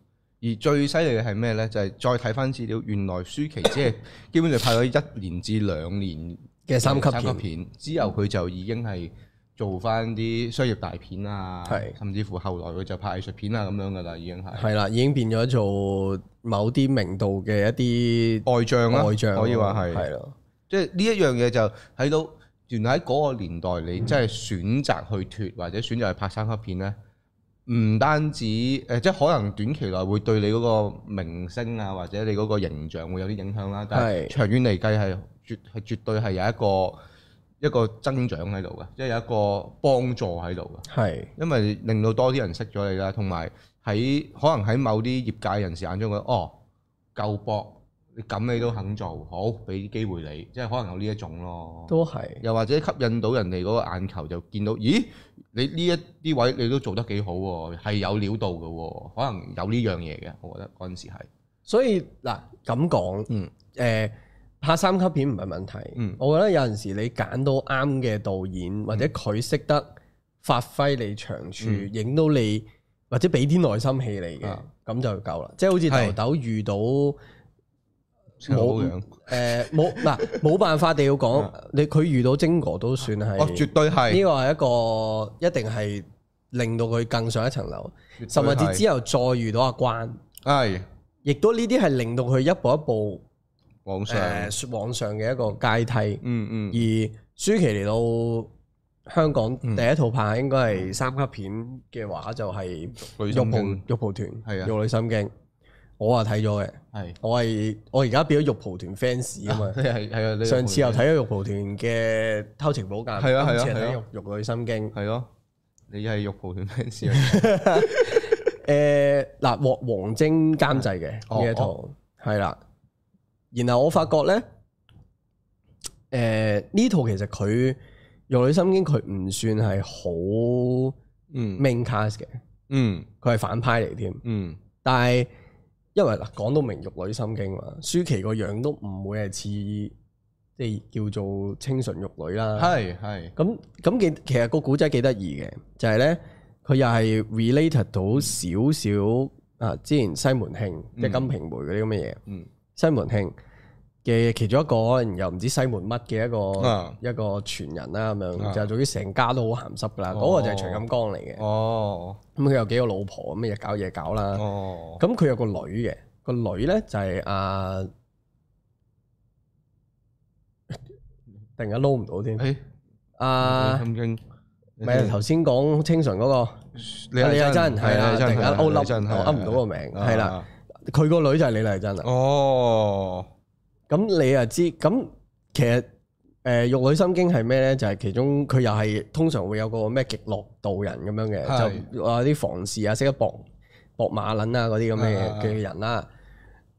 而最犀利嘅係咩咧？就係、是、再睇翻資料，原來舒淇即係基本上拍咗一年至兩年嘅 <laughs> 三,三級片，之後佢就已經係。做翻啲商業大片啊，是甚至乎後來佢就拍藝術片啊咁樣噶啦，已經係。係啦，已經變咗做某啲名度嘅一啲外將啦、啊，外啊、可以話係。係咯的，即係呢一樣嘢就睇到原來喺嗰個年代，你真係選擇去脱、嗯、或者選擇去拍三級片咧，唔單止誒，即、呃、係、就是、可能短期內會對你嗰個明星啊或者你嗰個形象會有啲影響啦、啊，但係長遠嚟計係絕係絕，絕對係有一個。一個增長喺度嘅，即係有一個幫助喺度嘅。係，因為令到多啲人識咗你啦，同埋喺可能喺某啲業界人士眼中覺得，哦，夠搏，你咁你都肯做，好俾機會你，即係可能有呢一種咯。都係是。又或者吸引到人哋嗰個眼球，就見到，咦，你呢一啲位你都做得幾好喎，係有料到嘅喎，可能有呢樣嘢嘅，我覺得嗰陣時係。所以嗱咁講，嗯，誒、呃。拍三級片唔係問題，我覺得有陣時你揀到啱嘅導演或者佢識得發揮你長處，影到你或者俾啲內心戲嚟嘅，咁就夠啦。即係好似豆豆遇到，誒，冇嗱，冇辦法你要講你佢遇到晶哥都算係，絕對係呢個係一個一定係令到佢更上一層樓，甚至之後再遇到阿關，係，亦都呢啲係令到佢一步一步。網上，網上嘅一個階梯。嗯嗯。而舒淇嚟到香港第一套拍，應該係三級片嘅話，就係《玉蒲玉蒲團》係啊，《玉女心經》我話睇咗嘅。係。我係我而家變咗《玉蒲團》fans 啊嘛。係係啊。上次又睇咗《玉蒲團》嘅《偷情寶鑑》，之前，睇《啊，玉女心經》。係咯。你係《玉蒲團》fans。誒，嗱，王王晶監製嘅呢一套係啦。然後我發覺咧，誒、呃、呢套其實佢《玉女心經》佢唔算係好嗯 main cast 嘅，嗯，佢係反派嚟添，嗯。但係因為嗱講到《明玉女心經》嘛，舒淇個樣都唔會係似即係叫做清純玉女啦，係係。咁咁嘅其實個古仔幾得意嘅，就係咧佢又係 related 到少少、嗯、啊之前西門慶即係《金瓶梅》嗰啲咁嘅嘢，嗯。西門慶嘅其中一個，又唔知西門乜嘅一個一個傳人啦，咁樣就屬於成家都好鹹濕噶啦。嗰個就係徐錦江嚟嘅。哦，咁佢有幾個老婆，咩嘢，搞嘢搞啦。哦，咁佢有個女嘅，個女咧就係阿突然間撈唔到添。阿唔經，唔係頭先講清純嗰個李麗珍係啦，突然間凹凹唔到個名，係啦。佢個女就係李麗珍啊。哦，咁你又知，咁其實誒、呃《玉女心經》係咩咧？就係、是、其中佢又係通常會有個咩極樂道人咁樣嘅，是就話啲房事啊識得搏搏馬撚啊嗰啲咁嘅嘅人啦。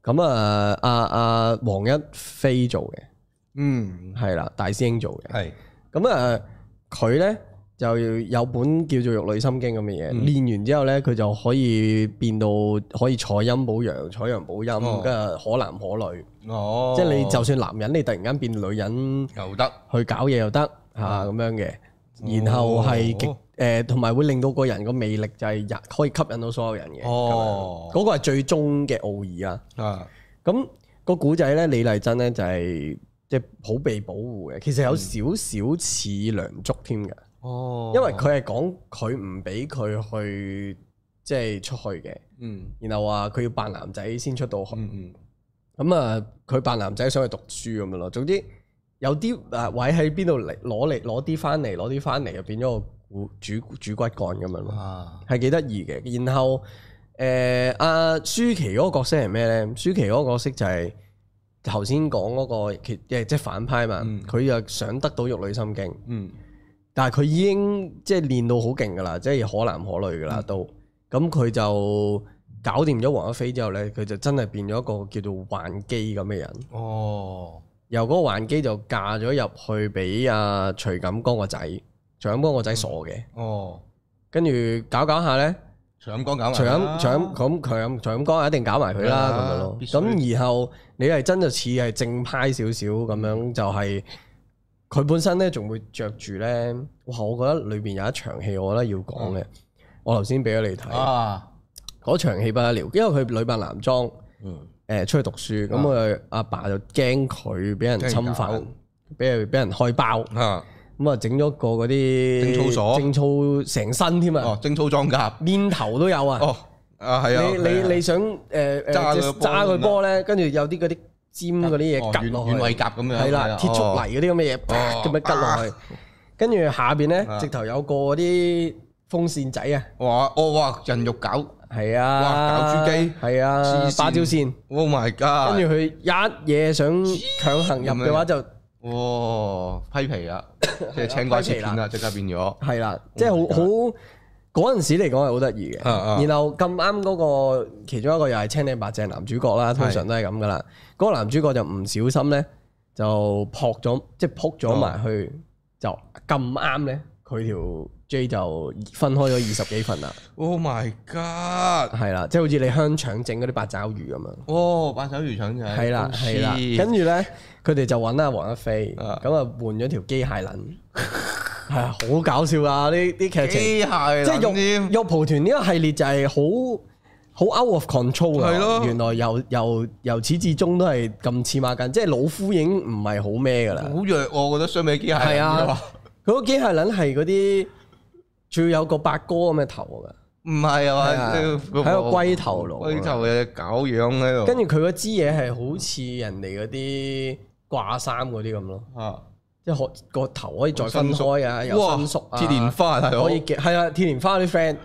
咁啊，阿阿黃一飛做嘅，嗯，係啦，大師兄做嘅，係是。咁啊，佢咧。就有本叫做《玉女心經》咁嘅嘢，嗯、練完之後呢，佢就可以變到可以採陰補陽、採陽補陰，跟啊、哦、可男可女。哦，即係你就算男人，你突然間變女人又得，去搞嘢又得嚇咁樣嘅。然後係極誒，同埋、哦呃、會令到個人個魅力就係日可以吸引到所有人嘅。哦，嗰、嗯、個係最終嘅奧義啊！啊、嗯，咁個古仔呢，李麗珍呢、就係，就係即係好被保護嘅，其實有少少似梁祝添嘅。哦，因為佢係講佢唔俾佢去即係、就是、出去嘅，嗯，然後話佢要扮男仔先出到去，嗯咁啊佢扮男仔想去讀書咁樣咯。總之有啲啊位喺邊度嚟攞嚟攞啲返嚟攞啲返嚟，就變咗個主主骨幹咁樣咯，係幾得意嘅。然後誒阿、呃啊、舒淇嗰個角色係咩咧？舒淇嗰個角色就係頭先講嗰個，其即係反派嘛，佢又、嗯、想得到玉女心經，嗯。但係佢已經即係練到好勁㗎啦，即係可男可女㗎啦都。咁佢、嗯、就搞掂咗黃一飛之後咧，佢就真係變咗一個叫做還機咁嘅人哦、嗯。哦，由嗰個還機就嫁咗入去俾阿徐錦江個仔。徐錦江個仔傻嘅。哦，跟住搞搞下咧，徐錦江搞埋。徐錦徐錦咁徐錦江一定搞埋佢啦咁樣咯。咁、啊、然後你係真就似係正派少少咁樣就係、是。佢本身咧仲會着住咧，哇！我覺得裏邊有一場戲，我覺得要講嘅。我頭先俾咗你睇，嗰場戲不得了，因為佢女扮男裝，誒出去讀書，咁佢阿爸就驚佢俾人侵犯，俾人俾人開包，咁啊整咗個嗰啲貞操鎖，貞操成身添嘛，貞操裝甲，面頭都有啊。哦，啊係啊，你你你想誒揸佢揸佢波咧，跟住有啲嗰啲。尖嗰啲嘢夾落去，係啦，鐵竹泥嗰啲咁嘅嘢，咁樣拮落去，跟住下邊咧，直頭有個啲風扇仔啊！哇，哦哇，人肉狗，係啊，哇，狗豬雞，係啊，八爪扇，Oh my god！跟住佢一嘢想強行入嘅話就，哇，批皮啦，即係青瓜切片啦，即刻變咗，係啦，即係好好。嗰陣時嚟講係好得意嘅，啊啊然後咁啱嗰個其中一個又係青靚白淨男主角啦，通常都係咁噶啦。嗰是個男主角就唔小心撲撲、哦、剛剛呢，就撲咗即係撲咗埋去，就咁啱呢，佢條 J 就分開咗二十幾份啦。 <laughs> Oh my god！係啦，即係好似你香腸整嗰啲八爪魚咁樣。哦，八爪魚腸仔係啦係啦，跟住像呢，佢哋就揾阿黃一飛，咁啊換咗條機械輪。 <laughs> 係啊、哎，好搞笑啊！呢啲劇情，機械即係玉玉蒲團呢個系列就係好好 out of control 係咯，的原來由由由始至終都係咁似馬筋，即係老夫已經唔係好咩噶啦。好弱，我覺得相比機械係啊，佢個機械撚係嗰啲，仲要有個八哥咁嘅頭噶，唔係啊嘛，喺個龜頭度，龜頭嘅狗樣喺度，跟住佢個支嘢係好似人哋嗰啲掛衫嗰啲咁咯。啊！即係學個頭可以再分開啊，又分縮啊！鐵蓮花係可以夾，係啊，鐵蓮花啲 friend，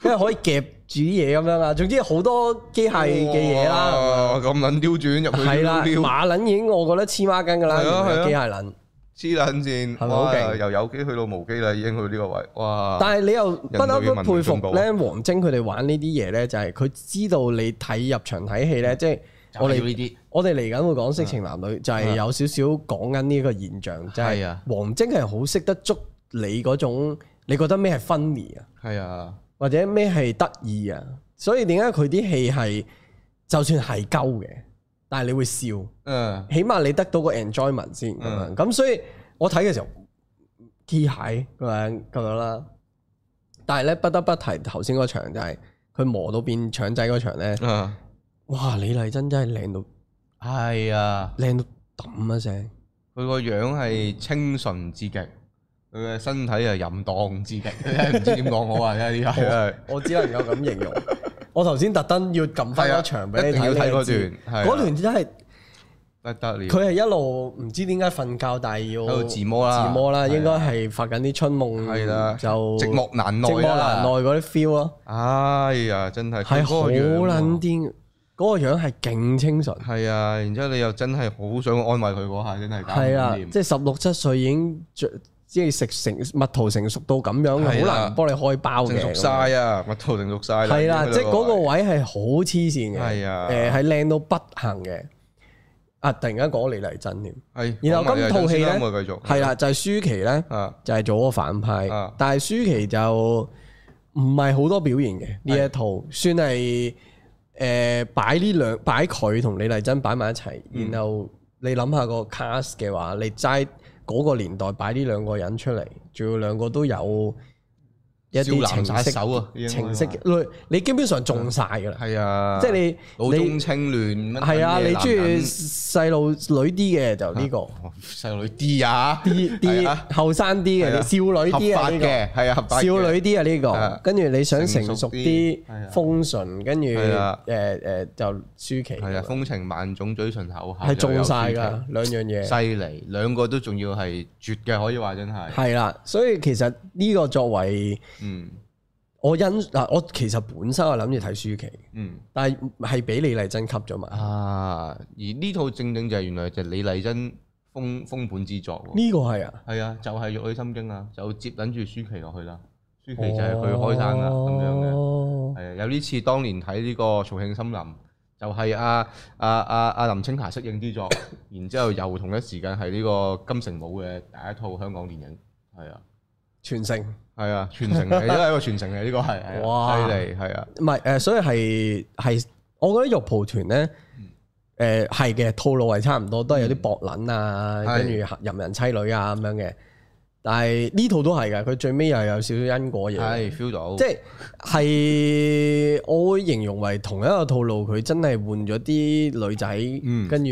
即係可以夾煮嘢咁樣啊。總之好多機械嘅嘢啦。咁捻刁轉入去，係啦，馬捻已經我覺得黐孖筋噶啦，機械捻，黐捻線，係咪好勁？又有機去到無機啦，已經去到呢個位。哇！但係你又不嬲都佩服咧，王晶佢哋玩呢啲嘢咧，就係佢知道你睇入場睇戲咧，即係。我哋呢啲，我哋嚟緊會講色情男女，嗯、就係有少少講緊呢個現象，嗯、就係王晶係好識得捉你嗰種，你覺得咩係 funny 啊？係啊，或者咩係得意啊？所以點解佢啲戲係就算係鳩嘅，但係你會笑，嗯，起碼你得到個 enjoyment 先，咁、嗯，咁所以我睇嘅時候，基蟹咁樣啦，但係咧不得不提頭先嗰場就係、是、佢磨到變腸仔嗰場咧。嗯嗯哇！李麗珍真係靚到係啊，靚到抌一聲，佢個樣係清純至極，佢嘅身體又淫蕩至極，唔知點講好啊！真係，我只能夠咁形容。我頭先特登要撳翻嗰場俾你睇，嗰段嗰段真係不得了。佢係一路唔知點解瞓覺，但係要喺度自摸啦，自摸啦，應該係發緊啲春夢。係啦，就寂寞難耐，寂寞難耐嗰啲 feel 咯。哎呀，真係係好撚癲！嗰個樣係勁清純，係啊！然之後你又真係好想安慰佢嗰下，真係係啦，即係十六七歲已經即係食成蜜桃成熟到咁樣，好難唔幫你開包。嘅成熟晒啊！蜜桃成熟晒係啦，即係嗰個位係好黐線嘅，係啊，誒係靚到不行嘅啊！突然間講李麗珍添，係，然後今套戲咧繼續係啦，就係舒淇咧，就係做個反派，但係舒淇就唔係好多表現嘅呢一套，算係。誒、呃、擺呢兩擺佢同李麗珍擺埋一齊，嗯、然後你諗下個 cast 嘅話，你齋嗰個年代擺呢兩個人出嚟，仲要兩個都有。一啲情色，啊，情色女，你基本上中晒噶啦。係啊，即係你老中青嫩，係啊，你中意細路女啲嘅就呢個細路女啲啊，啲啲後生啲嘅少女啲嘅，係啊，少女啲啊呢個，跟住你想成熟啲風唇，跟住誒誒就舒淇。係啊，風情萬種，嘴唇口口係中晒噶兩樣嘢。犀利，兩個都仲要係絕嘅，可以話真係。係啦，所以其實呢個作為。嗯，我因嗱、啊、我其實本身我諗住睇舒淇，嗯，但係係俾李麗珍吸咗嘛。啊，而呢套正正就係原來就李麗珍封封本之作，呢個係啊，係啊，就係、是《玉女心經》啊，就接緊住舒淇落去啦，舒淇就係去開山啦咁、哦、樣嘅，係啊，有呢次當年睇呢個《重慶森林》就是啊，就係阿阿阿阿林青霞息影之作， <laughs> 然之後又同一時間係呢個金城武嘅第一套香港電影，係啊，全城。係啊，傳承嘅， <laughs> 一個係一、一個傳承嘅呢個係，犀利係啊，唔係誒，所以係係，我覺得肉蒲團咧，誒係嘅，套路係差唔多，都係有啲薄捻啊，嗯、跟住淫人妻女啊咁樣嘅，但係呢套都係嘅，佢最尾又有少少因果嘢，feel 到，即係，係我會形容為同一個套路，佢真係換咗啲女仔，嗯、跟住。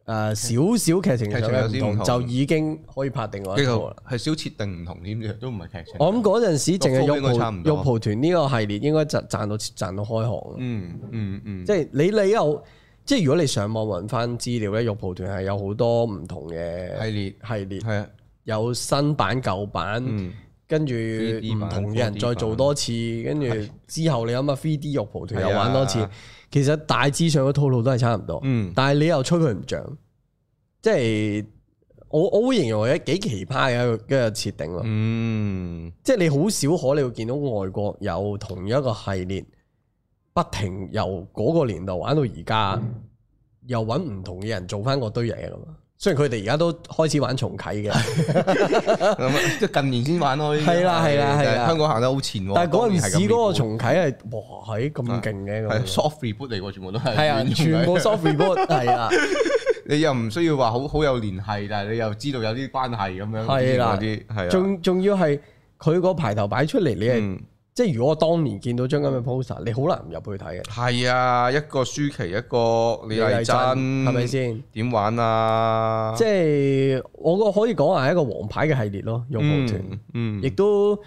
誒，少少劇情同，劇情同就已經可以拍定個一部啦。係少設定唔同，添都唔係劇情。我諗嗰陣時淨係玉蒲玉蒲團呢個系列應該賺，應該賺賺到賺到開行嗯。嗯嗯嗯，即係你你又即係如果你上網搵翻資料咧，玉蒲團係有好多唔同嘅系列系列。係啊，有新版舊版，嗯、跟住唔同嘅人版再做多次，多跟住之後你諗下 three D 玉蒲團又玩多次。的其實大致上嘅套路都係差唔多，嗯、但係你又吹佢唔漲，即、就、係、是、我我會形容為一幾奇葩嘅一個一個設定咯。嗯，即係你好少可你會見到外國有同一個系列，不停由嗰個年代玩到而家，嗯、又搵唔同嘅人做翻嗰堆嘢噶嘛。雖然佢哋而家都開始玩重啟嘅，即係近年先玩咯。係啦，係啦，係香港行得好前喎。但係嗰陣時嗰個重啟係，哇！係咁勁嘅，soft reboot 嚟喎，全部都係。係啊，全部 soft reboot 係啊。你又唔需要話好好有聯繫，但係你又知道有啲關係咁樣嗰啲，係仲仲要係佢個排頭擺出嚟你係。即係如果我當年見到張咁嘅 poster，嗯、你好難唔入去睇嘅。係啊，一個舒淇，一個李麗珍，係咪先？點玩啊？即係我個可以講係一個王牌嘅系列咯，用春，嗯，嗯，亦都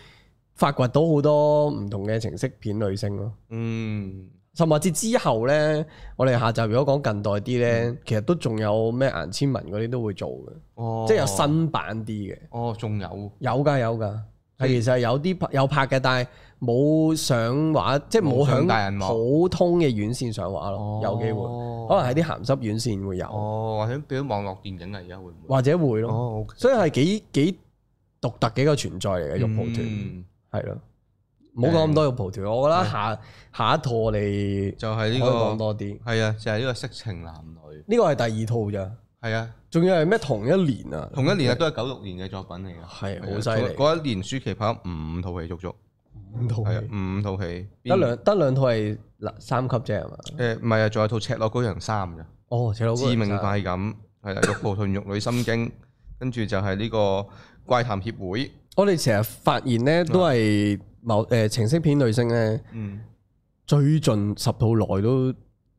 發掘到好多唔同嘅情色片女星咯，嗯，甚至之後咧，我哋下集如果講近代啲咧，其實都仲有咩顏千文嗰啲都會做嘅，哦，即係有新版啲嘅，哦，仲有，有噶有噶，係其實係有啲拍有拍嘅，但係。冇上畫，即係冇響普通嘅院線上畫咯，有機會，可能喺啲鹹濕院線會有，或者變咗網絡電影啊，而家會唔會？或者會咯，所以係幾幾獨特嘅一個存在嚟嘅玉蒲團，係咯，冇講咁多玉蒲團，我覺得下下一套嚟就係呢個，可以講多啲，係啊，就係呢個色情男女，呢個係第二套咋，係啊，仲要係咩同一年啊，同一年啊，都係九六年嘅作品嚟嘅，係好犀利，嗰一年舒淇拍五套戲足足。五戲 <noise> 套係啊，五套戲得兩得兩套係三級啫，係嘛、欸？誒，唔係啊，仲有套赤裸羔羊三咋？哦，赤裸致命快感係啊，玉蒲團、玉女心經， <laughs> 跟住就係呢個怪談協會。我哋成日發現咧，都係某誒情色片女星咧，嗯、最近十套內都。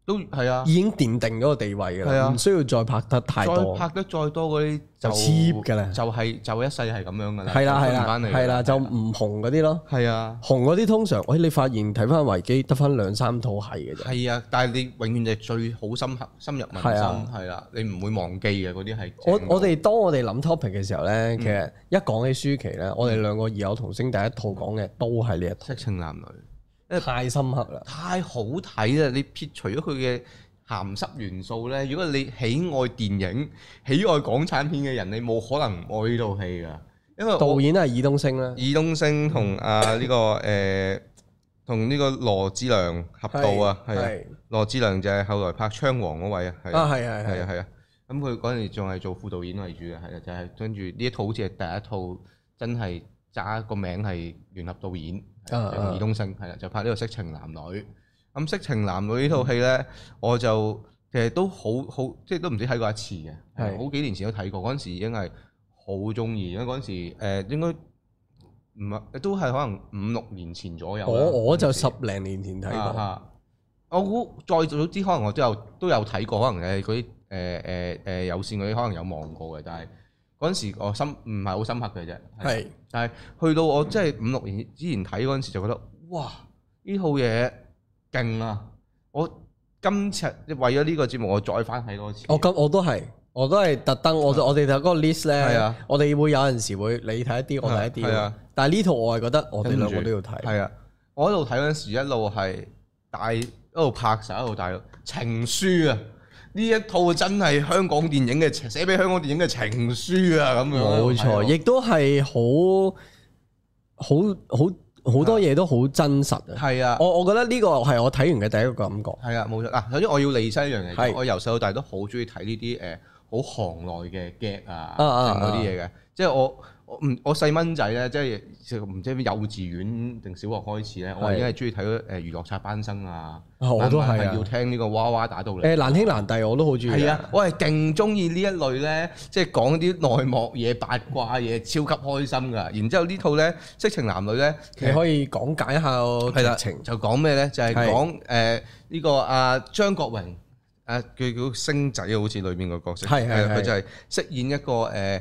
都係啊，已經奠定嗰個地位㗎啦，唔需要再拍得太多。拍得再多嗰啲就黐㗎啦，就係就一世係咁樣㗎啦。係啦係啦，係啦就唔紅嗰啲咯。係啊，紅嗰啲通常，哎你發現睇翻維基得翻兩三套係嘅啫。係啊，但係你永遠係最好深刻深入民心，係啦，你唔會忘記嘅嗰啲係。我我哋當我哋諗 topic 嘅時候咧，其實一講起舒淇咧，我哋兩個異口同聲，第一套講嘅都係呢一套。色情男女。太深刻啦！太好睇啦！你撇除咗佢嘅鹹濕元素咧，如果你喜愛電影、喜愛港產片嘅人，你冇可能唔愛呢套戲㗎。因為導演都係爾冬升啦，爾冬升同啊呢個誒同呢個羅志良合導啊，係啊，羅志良就係後來拍《槍王》嗰位啊，啊係係係啊係啊，咁佢嗰陣時仲係做副導演為主嘅，係啊，就係跟住呢一套好似係第一套真係揸個名係聯合導演。啊啊、二忠性係啦，就拍呢個色情男女。咁色情男女戲呢套戲咧，嗯、我就其實都好好，即係都唔止睇過一次嘅。的好幾年前都睇過，嗰陣時已經係好中意，因為嗰陣時誒，應該唔係都係可能五六年前左右。我我就十零年前睇過。我估再早啲，可能我都有都有睇過，可能誒啲誒誒誒有線嗰啲，可能有望過嘅。但係嗰陣時我深唔係好深刻嘅啫。係。的但係去到我即係五六年之前睇嗰陣時，就覺得哇，呢套嘢勁啊！我今次為咗呢個節目我再再我，我再翻睇多次。我咁、啊、我都係，我都係特登，我我哋睇嗰個 list 咧，我哋會有陣時會你睇一啲，我睇一啲啊。啊但係呢套我係覺得我哋、啊、兩個都要睇。係啊，我喺度睇嗰陣時一，一路係大一路拍手一路大情書啊！呢一套真係香港電影嘅寫俾香港電影嘅情書啊，咁樣錯，冇錯、啊，亦都係好好好好多嘢都好真實啊。係啊，我我覺得呢個係我睇完嘅第一個感覺。係啊，冇錯。嗱、啊，首先我要釐清一樣嘢，啊、我由細到大都好中意睇呢啲誒，好、呃、行內嘅劇啊，嗰啲嘢嘅，即係我。我唔，我細蚊仔咧，即係唔知幼稚園定小學開始咧，我已經係中意睇嗰誒娛樂插班生啊！我都係要聽呢個娃娃打到嚟。誒難兄難弟我都好中意。係啊，我係勁中意呢一類咧，即係講啲內幕嘢、八卦嘢，超級開心噶。然之後呢套咧《色情男女》咧，其實可以講解一下劇情。就講咩咧？就係講誒呢個阿張國榮，阿佢叫星仔好似裏邊個角色。係係佢就係飾演一個誒，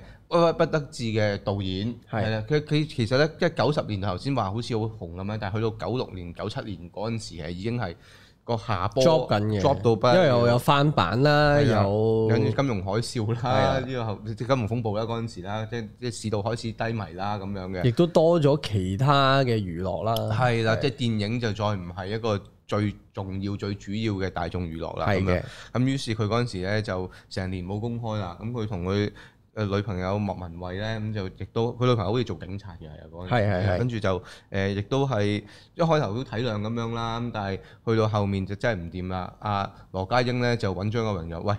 不得志嘅導演係啦，佢佢其實咧即係九十年代頭先話好似好紅咁咧，但係去到九六年九七年嗰陣時係已經係個下波 drop 緊嘅，drop 到不，因為有有翻版啦，有跟住金融海嘯啦，呢個後即係金融風暴啦嗰陣時啦，即係即係市道開始低迷啦咁樣嘅，亦都多咗其他嘅娛樂啦，係啦，即係電影就再唔係一個最重要最主要嘅大眾娛樂啦，係嘅，咁於是佢嗰陣時咧就成年冇公開啦，咁佢同佢。誒女朋友莫文蔚咧，咁就亦都佢女朋友好似做警察嘅，係嗰陣，跟住就誒亦都係一開頭都體諒咁樣啦，咁但係去到後面就真係唔掂啦。阿、啊、羅家英咧就揾張國榮又，喂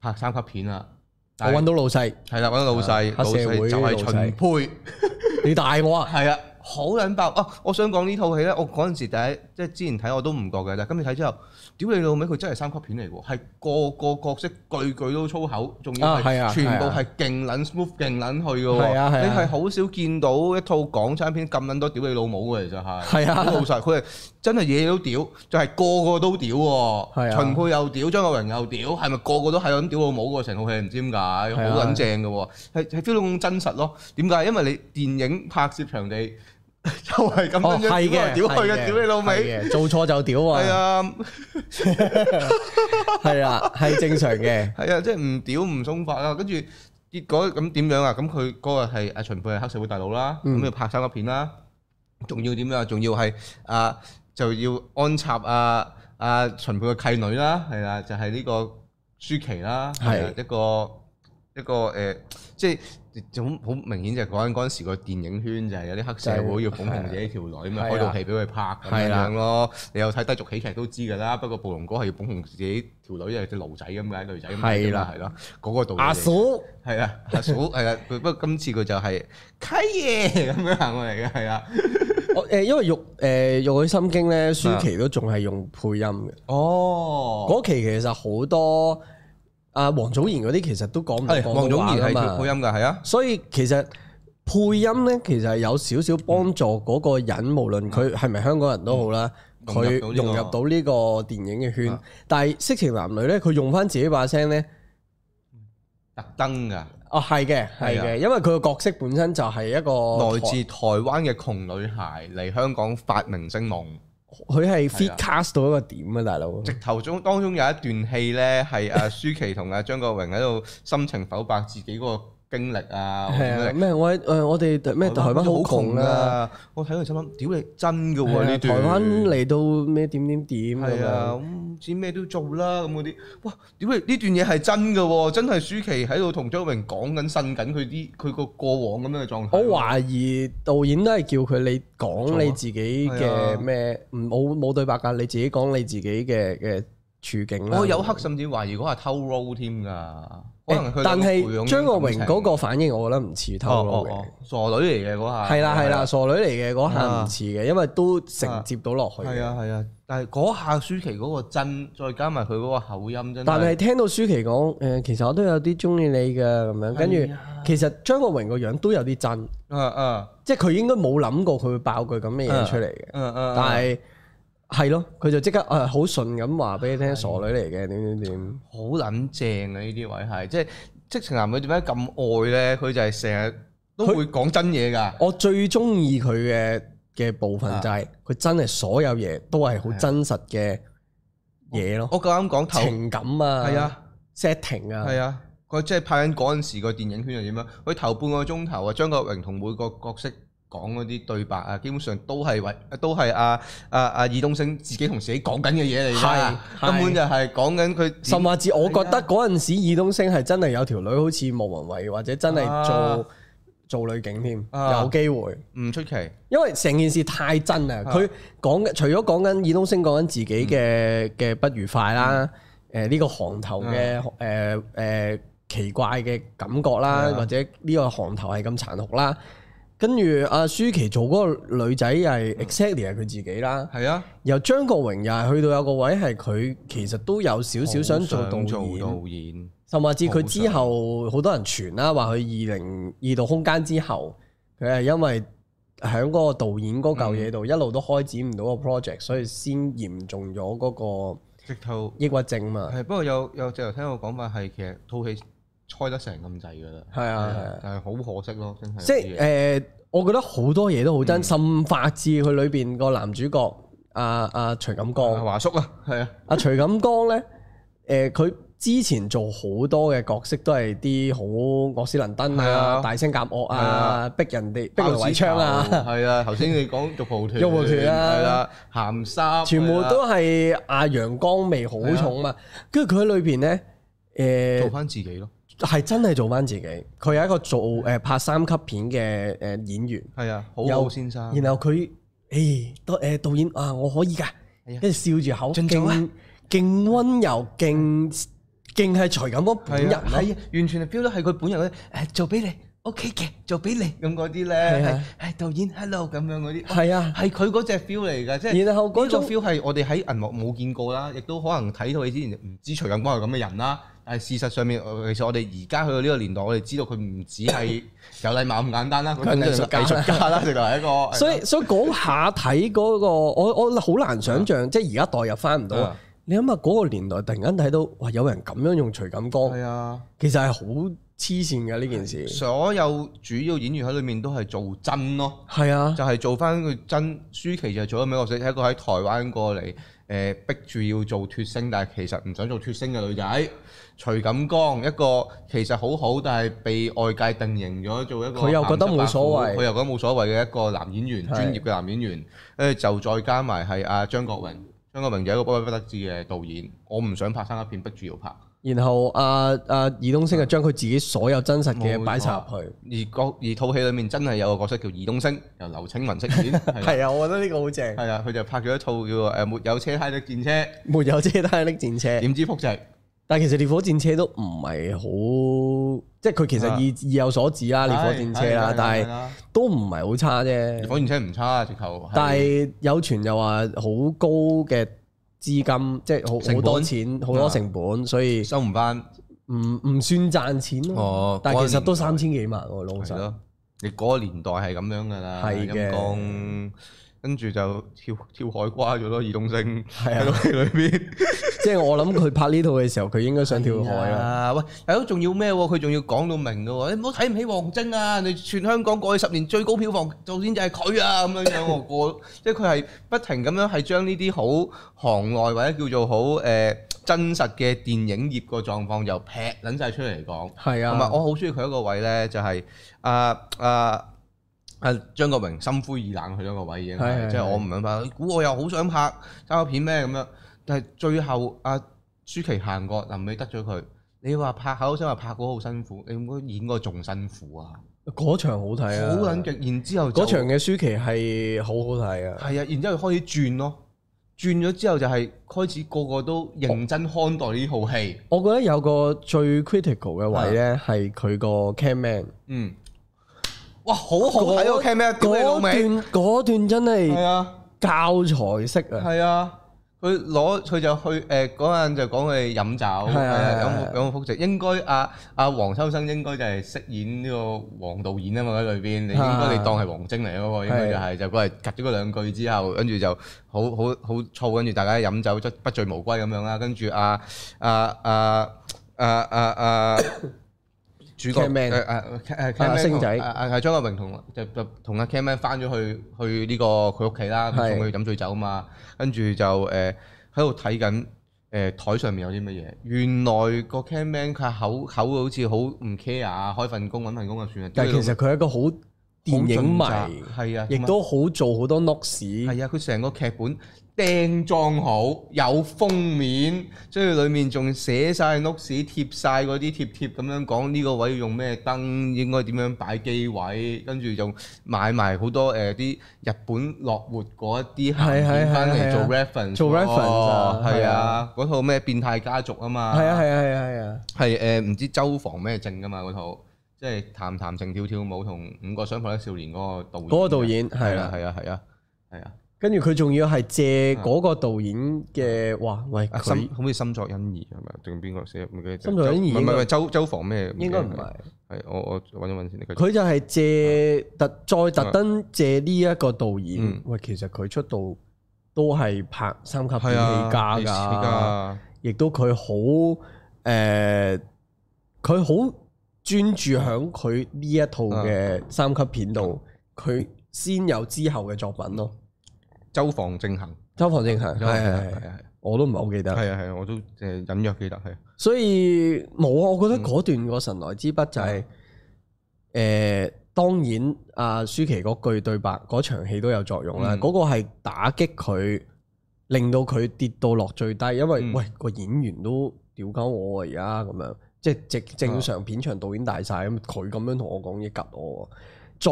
拍三級片但啊，我揾到老細，係啦闆，揾到老細，老細就係秦沛，你大我 <laughs> 啊，係啊，好冷爆啊！我想講呢套戲咧，我嗰陣時第一即係之前睇我都唔覺嘅，但係今日睇之後。屌你老味，佢真係三級片嚟喎，係個,個個角色句句都粗口，仲要係全部係勁撚 smooth、勁撚去嘅喎。啊、你係好少見到一套港產片咁撚多屌你老母嘅，其實係。係啊，老實，佢係真係嘢都屌，就係、係、個個都屌喎。啊、秦沛又屌，張國榮又屌，係咪個個都係咁屌老母嘅成套戲？唔知點解好撚正嘅喎，係 feel 是是到咁真實咯。點解？因為你電影拍攝場地。又係咁樣樣，屌佢嘅，屌你老味，做錯就屌啊！係啊，係啊！係正常嘅，係啊，即係唔屌唔鬆法啊！跟住結果咁點樣啊？咁佢嗰個係阿秦沛係黑社會大佬啦，咁要拍三級片啦，仲、嗯、要點樣？仲要係啊，就要安插啊啊秦沛嘅契女啦，係啊，就係、是、呢個舒淇啦，係一個的一個誒、欸，即係。就好明顯就係講緊嗰陣時個電影圈，就係有啲黑社會要捧紅自己條女，咪的開套戲俾佢拍咁樣咯。你有睇低俗喜劇都知㗎啦。不過暴龍哥係要捧紅自己條女，因為隻奴仔咁解女仔。係啦的，係啦的，嗰個道阿嫂係啊嫂，阿嫂係啊。不過今次佢就係、是、契爺咁樣行過嚟嘅，係啊。我 <laughs> 因為《玉誒玉女心經》咧，舒淇都仲係用配音嘅。的哦，嗰期其實好多。啊，王祖賢嗰啲其實都講唔到。王祖賢係配音噶，係啊。所以其實配音咧，其實係有少少幫助嗰個人，嗯、無論佢係咪香港人都好啦，佢、嗯、融入到呢、呢個、個電影嘅圈。嗯、但係色情男女咧，佢用翻自己把聲咧，特登噶。哦，係嘅，係嘅，的因為佢個角色本身就係一個來自台灣嘅窮女孩嚟香港發明星夢。佢係 feedcast 到一個點啊。的大佬哥！直頭中當中有一段戲咧，係阿舒淇同阿張國榮喺度心情剖白自己嗰、那個。經歷啊，咩我誒我哋咩台灣好窮啊！我睇到心諗，屌你真噶喎呢段！台灣嚟到咩點點點㗎？唔知咩都做啦咁嗰啲，哇！屌你呢段嘢係真噶喎，真係舒淇喺度同張國榮講緊、呻緊佢啲佢個過往咁樣嘅狀態。我懷疑導演都係叫佢你講你自己嘅咩？冇冇對白㗎，你自己講你自己嘅嘅。處境我有刻甚至懷疑，果係偷 roll 添噶，但係張國榮嗰個反應，我覺得唔似偷 roll，傻女嚟嘅嗰下，係啦係啦，傻女嚟嘅嗰下唔似嘅，因為都承接到落去嘅，係啊係啊，但係嗰下舒淇嗰個真，再加埋佢嗰個口音真，但係聽到舒淇講誒，其實我都有啲中意你嘅咁樣，跟住其實張國榮個樣都有啲真，即係佢應該冇諗過佢會爆佢咁嘅嘢出嚟嘅，但係。係咯，佢就即刻誒好順咁話俾你聽，係啊，傻女嚟嘅點點點，好撚正啊！呢啲位係即係即情男女點解咁愛咧？佢就係成日都會講真嘢㗎。我最中意佢嘅嘅部分就係佢真係所有嘢都係好真實嘅嘢咯。我剛啱講情感啊，setting 啊，係啊，佢即係拍緊嗰陣時個電影圈又點樣？佢頭半個鐘頭啊，張國榮同每個角色。講嗰啲對白啊，基本上都係為都係阿阿阿易東升自己同自己講緊嘅嘢嚟嘅，根本就係講緊佢。甚至我覺得嗰陣時，易東升係真係有條女好似莫文蔚，或者真係做、啊、做女警添，有機會唔、啊、出奇，因為成件事太真啦。佢講嘅除咗講緊易東升講緊自己嘅嘅、嗯、不愉快啦，誒呢、嗯呃呢個行頭嘅誒誒奇怪嘅感覺啦、啊，或者呢個行頭係咁殘酷啦。跟住阿舒淇做嗰個女仔係 exactly 係佢、嗯、自己啦，係啊。由張國榮又係去到有個位係佢，其實都有少少，少想做導演，導演。甚至佢之後好多人傳啦，話佢二零零二異度空間之後，佢係因為喺嗰個導演嗰嚿嘢度一路都開展唔到個 project、嗯、所以先嚴重咗嗰個直頭抑鬱症到嘛。係不過有有就聽我講法係其實套戲。猜得成咁滯噶啦，係啊，係好可惜咯，真係。即係誒，我覺得好多嘢都好真，甚至佢裏邊個男主角阿阿徐錦江華叔啊，係啊，阿徐錦江咧，誒佢之前做好多嘅角色都係啲好惡死能登啊，大聲夾惡啊，逼人哋，爆子槍啊，係啊，頭先你講玉蒲團，玉蒲團啦，係啦，鹹濕，全部都係阿陽光味好重啊嘛，跟住佢喺裏邊咧，誒做翻自己咯。係真係做翻自己，佢係一個做誒拍三級片嘅誒演員，係啊，好邱先生。然後佢誒導誒導演啊，我可以噶，跟住笑住口，勁勁溫柔，勁勁係徐錦江本人，係啊，完全係 feel 到係佢本人咧。誒，做俾你，OK 嘅，做俾你咁嗰啲咧，係導演 hello 咁樣嗰啲，係啊，係佢嗰隻 feel 嚟噶，即係呢種 feel 係我哋喺銀幕冇見過啦，亦都可能睇到你之前唔知徐錦江係咁嘅人啦。係事實上面，其實我哋而家去到呢個年代，我哋知道佢唔止係有禮貌咁簡單啦，佢係一個藝術家啦，亦都係一個。 <laughs> 所以想講下睇嗰個，我我好難想像，是的 即係而家代入翻唔到。是的 你諗下嗰個年代，突然間睇到哇，有人咁樣用徐錦江，係啊，其實係好黐線嘅呢件事。所有主要演員喺裏面都係做真咯，係啊，就係做翻佢真。舒淇就做咗美國水，一個喺台灣過嚟，誒，逼住要做脱星，但係其實唔想做脱星嘅女仔。嗯嗯。徐錦江一個其實好好，但係被外界定型咗做一個，佢又覺得冇所謂，佢又覺得冇所謂嘅一個男演員，是的 專業嘅男演員。跟住是的 就再加埋係阿張國榮，張國榮有個不屈不得志嘅導演，我唔想拍三級片，逼住要拍。然後阿阿易東升就將佢自己所有真實嘅擺晒入去。而個而套戲裏面真係有個角色叫易東升，由劉青雲飾演。係啊的， <laughs> 我覺得呢個好正。係啊，佢就拍咗一套叫誒沒有車胎的戰車。沒有車胎的戰車。點知複製？但係其實烈火戰車都唔係好，即係佢其實意意有所指啦。烈火戰車啦，但係都唔係好差啫。烈火戰車唔差，直頭。但係有傳又話好高嘅資金，即係好好多錢，好多成本，所以收唔翻，唔唔算賺錢咯。但係其實都三千幾萬喎，老實。係咯，你嗰個年代係咁樣㗎啦，係嘅。跟住就跳跳海瓜咗咯，二冬星喺裏邊。啊、 <laughs> 即係我諗佢拍呢套嘅時候，佢 <laughs> 應該想跳海啊！喂，係仲要咩？佢仲要講到明嘅，你唔好睇唔起王晶啊！你全香港過去十年最高票房就演就係佢啊！咁樣樣，我即係佢係不停咁樣係將呢啲好行內或者叫做好誒、呃、真實嘅電影業個狀況，又劈捻晒出嚟講。係啊，同埋我好中意佢一個位咧、就是，就係啊啊。呃呃阿張國榮心灰意冷去咗個位已經，係係係即係我唔想拍。係係係估我又好想拍，拍個片咩咁樣？但係最後阿舒淇、行過、臨尾得咗佢。你話拍，口聲話拍過好辛苦，你唔覺得演過仲辛苦啊？嗰場好睇啊！好撚勁，然之後嗰場嘅舒淇係好好睇啊！係啊，然之後開始轉咯，轉咗之後就係開始個個都認真看待呢套戲我。我覺得有個最 critical 嘅位咧，係佢個 cam man。嗯。哇！好好睇嗰段咩？屌嗰段真係教材式啊！係啊，佢攞佢就去誒嗰陣就講佢飲酒，啊啊、有有幅幅像應該阿阿黃秋生應該就係飾演呢個黃導演啊嘛喺裏邊，你應該你當係王晶嚟嗰個應該就係、是、就佢係夾咗嗰兩句之後，跟住就好好好燥，跟住大家飲酒不醉無歸咁樣啦，跟住阿阿阿阿阿阿。主角誒誒誒星仔誒係、啊、張國榮同同阿 can man 翻咗去去呢個佢屋企啦，佢送佢飲醉酒啊嘛，跟住是就誒喺度睇緊誒台上面有啲乜嘢，原來個 can man 佢口口好似好唔 care 啊，開份工揾份工就算啦。但係其實佢係一個好。電影迷，係啊，亦都好做好多 notes，係啊，佢成個劇本釘裝好，有封面，所以裡面仲寫晒 notes，貼晒嗰啲貼貼，咁樣講呢個位要用咩燈，應該點樣擺機位，跟住仲買埋好多誒啲日本樂活嗰一啲，係係係翻嚟做 reference 做 reference，係啊，嗰套咩變態家族啊嘛。係啊係啊係啊係啊。係誒，唔知周防咩正㗎嘛嗰套。即係談談情跳跳舞同五個傷害的少年，嗰個導嗰個導演係啊，係啊係啊係啊，跟住佢仲要係借嗰個導演嘅。哇喂，佢可唔可以心作欣義係咪定邊個先唔記得？周防咩？應該唔係，係我我揾一揾先。佢就係借特再特登借呢一個導演。喂，其實佢出道都係拍三級片起家㗎，亦都佢好誒，佢好。專注喺佢呢一套嘅三級片度，佢、啊、先有之後嘅作品咯。周防正行，周防正行，係係係，我都唔係好記得。係啊係啊，我都誒隱約記得。係所以冇啊，我覺得嗰段個神來之筆就係、是、是誒，當然阿舒淇嗰句對白，嗰場戲都有作用啦。嗰、嗯、個係打擊佢，令到佢跌到落最低。因為、嗯、喂、個演員都屌鳩我啊，而家咁樣。即係正常片場導演大晒，咁佢咁樣同我講嘢急我。再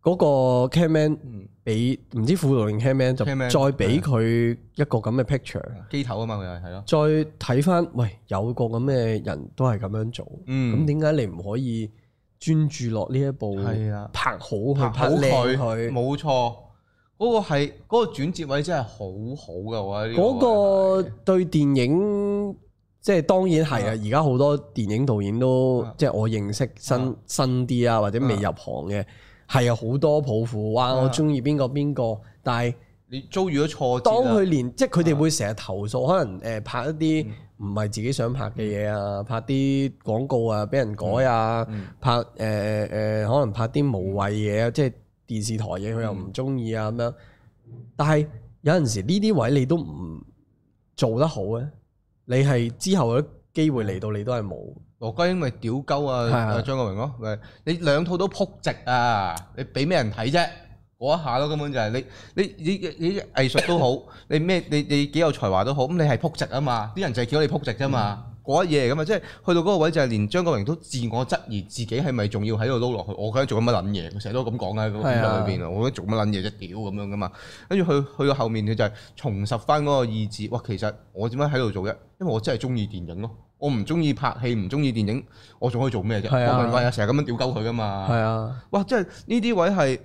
嗰個 camman 俾唔、嗯、知副導演 camman C aman, 就再俾佢一個咁嘅 picture 機頭啊嘛，佢係係咯。再睇翻，喂，有個咁嘅人都係咁樣做，咁點解你唔可以專注落呢一部拍好佢、啊、拍靚佢拍好佢？冇他錯，嗰、那個係嗰、那個轉接位真係好好、啊、噶，我覺得嗰個對電影。即係當然係啊！而家好多電影導演都、啊、即係我認識新、啊、新啲啊，或者未入行嘅係、啊、有好多抱負。哇！我中意邊個邊個，但係你遭遇咗挫折。當佢連即係佢哋會成日投訴，可能誒拍一啲唔係自己想拍嘅嘢啊，嗯、拍啲廣告啊，俾人改啊，嗯、拍誒誒、呃呃、可能拍啲無謂嘢啊，即係電視台嘢佢又唔中意啊咁樣。但係有陣時呢啲位你都唔做得好啊。你係之後嘅機會嚟到，你都係冇。羅家英咪屌鳩啊，張國榮咯，咪你兩套都撲直啊！你俾咩人睇啫？嗰一下咯，根本就係你你你你藝術都好，你咩你你幾有才華都好，咁你係撲直啊嘛！啲人就係叫你撲直啫嘛。嗰一嘢嚟㗎嘛，即係去到嗰個位就係連張國榮都自我質疑自己係咪仲要喺度撈落去？我而家做緊乜撚嘢？佢成日都咁講是啊，喺個圈裏邊啊，我而家做乜撚嘢啫？屌咁樣㗎嘛！跟住去去到後面佢就重拾翻嗰個意志。哇，其實我點解喺度做嘅？因為我真係中意電影咯。我唔中意拍戲，唔中意電影，我仲可以做咩啫？冇辦法啊問，成日咁樣屌鳩佢㗎嘛。哇！即係呢啲位係。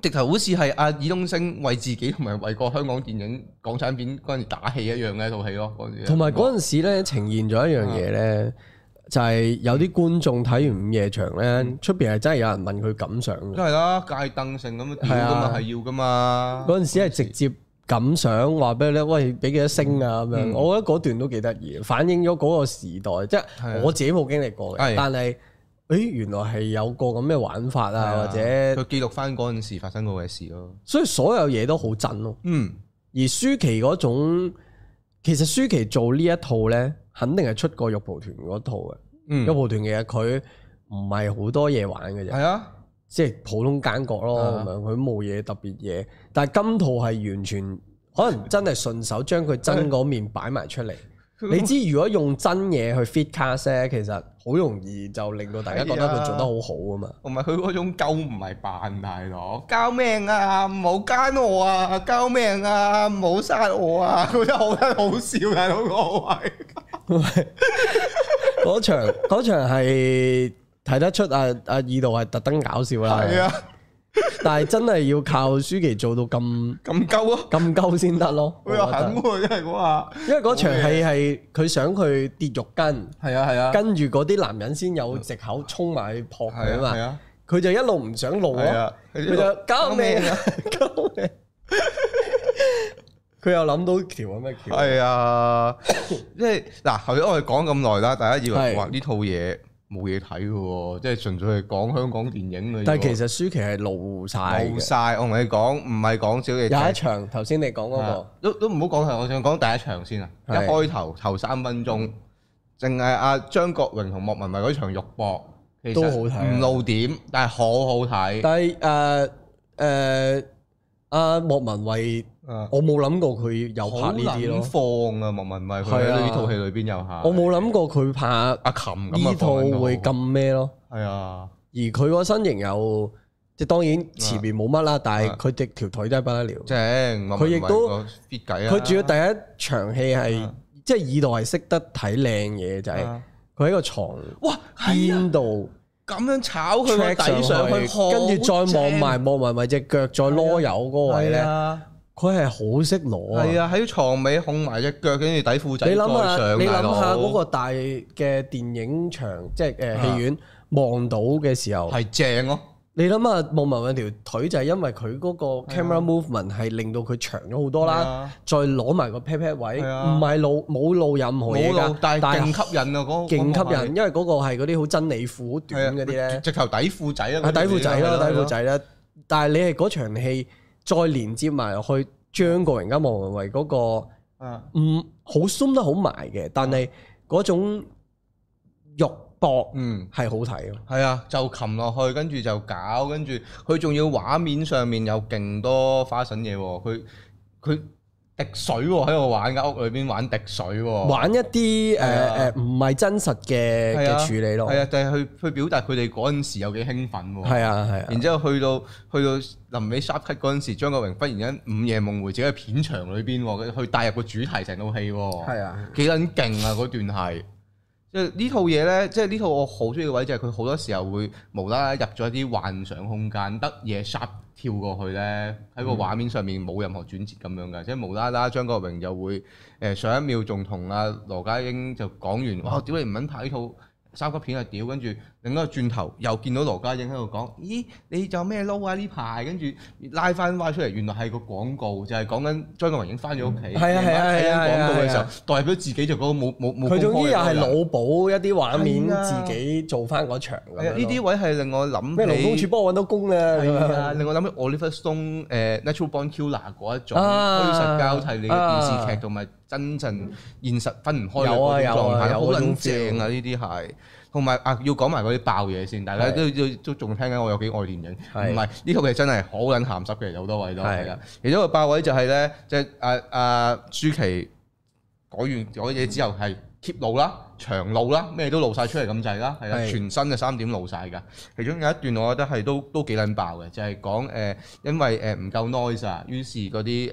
直頭好似係阿爾冬陞為自己同埋為個香港電影港產片嗰陣時打氣一樣嘅一套戲咯。同埋嗰陣時咧呈現咗一樣嘢咧，啊、就係有啲觀眾睇完午夜場咧，出邊係真係有人問佢感想。梗係啦，介鄧勝咁啊，點噶嘛係要噶嘛？嗰陣時係直接感想，話俾你咧，喂，俾幾多星啊咁樣。嗯、我覺得嗰段都幾得意，反映咗嗰個時代，即係我自己冇經歷過嘅，的但係。誒，原來係有個咁嘅玩法啊，或者佢記錄翻嗰陣時發生過嘅事咯。所以所有嘢都好真咯。嗯，而舒淇嗰種，其實舒淇做呢一套咧，肯定係出過玉蒲團嗰套嘅。嗯、玉蒲團其實佢唔係好多嘢玩嘅，啫係啊，即係普通感覺咯。佢冇嘢特別嘢，但係今套係完全可能真係順手將佢真嗰面擺埋出嚟。你知如果用真嘢去 fit 卡 set，其實好容易就令到大家覺得佢做得好好啊嘛。同埋佢嗰種救唔係扮大佬，救命啊，唔好奸我啊，救命啊，唔好殺我啊，佢真好得好笑嘅、啊、嗰、嗰個位。嗰 <laughs> 場嗰 <laughs> 場係睇得出阿、啊、阿二度係特登搞笑啦。係啊。但係真係要靠舒淇做到咁咁鳩啊，咁鳩先得咯。佢又狠喎，因為嗰下，因為嗰場戲係佢想佢跌肉筋，係啊係啊，跟住嗰啲男人先有藉口衝埋去撲佢啊嘛。佢就一路唔想露咯，佢就救命啊！救命！佢又諗到條咩橋？係啊，即係嗱，後邊我哋講咁耐啦，大家以為哇呢套嘢。冇嘢睇嘅喎，即係純粹係講香港電影啦。但係其實舒淇係露晒，露晒。我同你講，唔係講少嘢。第一場頭先、就係、你講嗰、嗰個，都都唔好講佢。我想講第一場先啊，的一開頭頭三分鐘，淨係阿張國榮同莫文蔚嗰場肉搏其實都好睇，唔露點，但係好好睇。但係誒誒阿莫文蔚。我冇諗過佢又拍呢啲咯，放啊！莫文蔚佢喺呢套戲裏邊有下。我冇諗過佢拍阿琴呢套會咁咩咯？係啊，而佢個身形又即係當然前面冇乜啦，但係佢直條腿都係不得了。正，佢亦都佢主要第一場戲係即係度係識得睇靚嘢，就係佢喺個床哇邊度咁樣炒佢底上去，跟住再望埋莫文蔚隻腳再囉柚嗰位咧。佢係好識攞啊！係啊，喺床尾控埋隻腳，跟住底褲仔你諗下，你諗下嗰個大嘅電影場，即係誒戲院望到嘅時候，係正咯。你諗下，莫文蔚條腿就係因為佢嗰個 camera movement 係令到佢長咗好多啦。再攞埋個 pat pat 位，唔係露冇露任何嘢噶，但係勁吸引啊！嗰勁吸引，因為嗰個係嗰啲好真理褲好短嗰啲咧，直頭底褲仔啊！係底褲仔啦，底褲仔啦。但係你係嗰場戲再連接埋落去張國榮加莫文蔚嗰個，啊、嗯，好鬆得好埋嘅，但係嗰種肉搏，嗯，係好睇咯。係啊，就擒落去，跟住就搞，跟住佢仲要畫面上面有勁多花臣嘢喎，佢佢。滴水喎，喺我玩㗎，屋裏邊玩滴水喎、哦，玩一啲誒誒唔係真實嘅嘅、啊、處理咯，係啊，啊但係去去表達佢哋嗰陣時有幾興奮喎、哦，係啊係啊，啊然之後去到去到臨尾 sharp cut 嗰陣時，張國榮忽然間午夜夢回自己喺片場裏邊佢去帶入個主題成套戲喎、哦，係啊，幾撚勁啊嗰段係。呢套嘢咧，即係呢套我好中意嘅位，就係佢好多時候會無啦啦入咗一啲幻想空間，得嘢唰跳過去咧，喺、嗯、個畫面上面冇任何轉折咁樣嘅。即係無啦啦張國榮就會誒、呃、上一秒仲同阿羅家英就講完，哇！屌你唔撚拍呢套三級片啊屌，跟住～另一個轉頭又見到羅家英喺度講，咦，你就咩撈啊呢排？跟住拉翻歪出嚟，原來係個廣告，就係講緊張國榮已經返咗屋企，啊，做翻啲廣告嘅時候，代表自己就嗰個冇冇冇。佢總之又係腦補一啲畫面，自己做翻嗰場。呢啲位係令我諗咩？勞工處幫我揾到工啦！令我諗起 Oliver Stone、誒 Natural Born Killer 嗰一種虛實交替嘅電視劇，同埋真正現實分唔開嘅狀態，好撚正啊！呢啲係。同埋啊，要講埋嗰啲爆嘢先，大家是都都仲聽緊我有幾愛電影，唔係呢套劇真係好撚鹹濕嘅，有好多位都係啊是。其中一個爆位就係、是、咧，即係誒誒舒淇改完講嘢之後係 keep 露啦、長露啦，咩都露晒出嚟咁滯啦，係啦，全身嘅三點露晒㗎。其中有一段我覺得係都都幾撚爆嘅，就係講誒，因為誒唔、呃、夠 noise 啊，於是嗰啲誒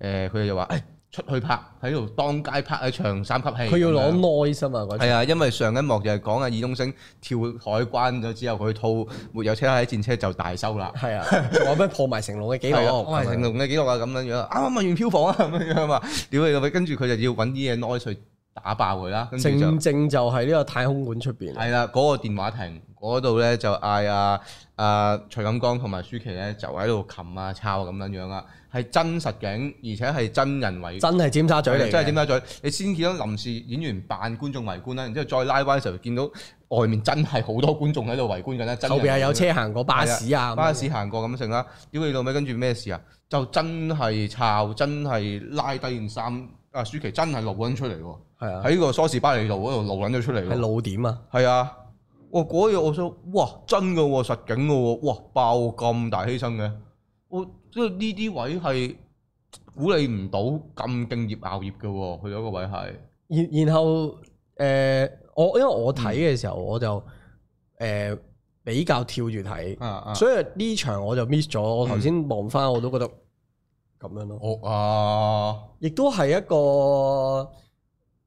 誒佢哋就話誒。出去拍喺度當街拍一場三級戲，佢要攞 noise 啊！係啊，因為上一幕就係講啊，易東升跳海關咗之後，佢套沒有車喺戰車就大收啦。係啊，話咩破埋成龍嘅紀錄，破埋成龍嘅紀錄啊！咁樣樣啊，問完票房啊咁樣啊嘛，屌你老味！跟住佢就要揾啲嘢 noise 去打爆佢啦。正正就係呢個太空館出邊。係啦，嗰個電話亭嗰度咧就嗌阿阿徐錦江同埋舒淇咧就喺度琴啊抄啊咁樣樣啦。係真實景，而且係真人圍觀，真係尖沙咀嚟，真係尖沙咀。你先見到臨時演員扮觀眾圍觀啦，然之後再拉 Y 嘅時候見到外面真係好多觀眾喺度圍觀緊啦，後邊係有車行過巴士啊，對巴士行過咁剩啦。屌你老味，跟住咩事啊？就真係抄，真係拉低件衫。阿舒淇真係露緊出嚟喎，係啊的，喺個梳士巴利道嗰度露緊咗出嚟喎。係露點啊！係啊，我嗰日我想，哇，真嘅喎，實景嘅喎，哇爆咁大犧牲嘅我。所以呢啲位係鼓勵唔到咁敬業熬業嘅喎，佢有個位係。然然後誒、呃，我因為我睇嘅時候，我就誒、嗯呃、比較跳住睇，啊啊、所以呢場我就 miss 咗。我頭先望翻我都覺得咁樣咯。哦啊！亦都係一個，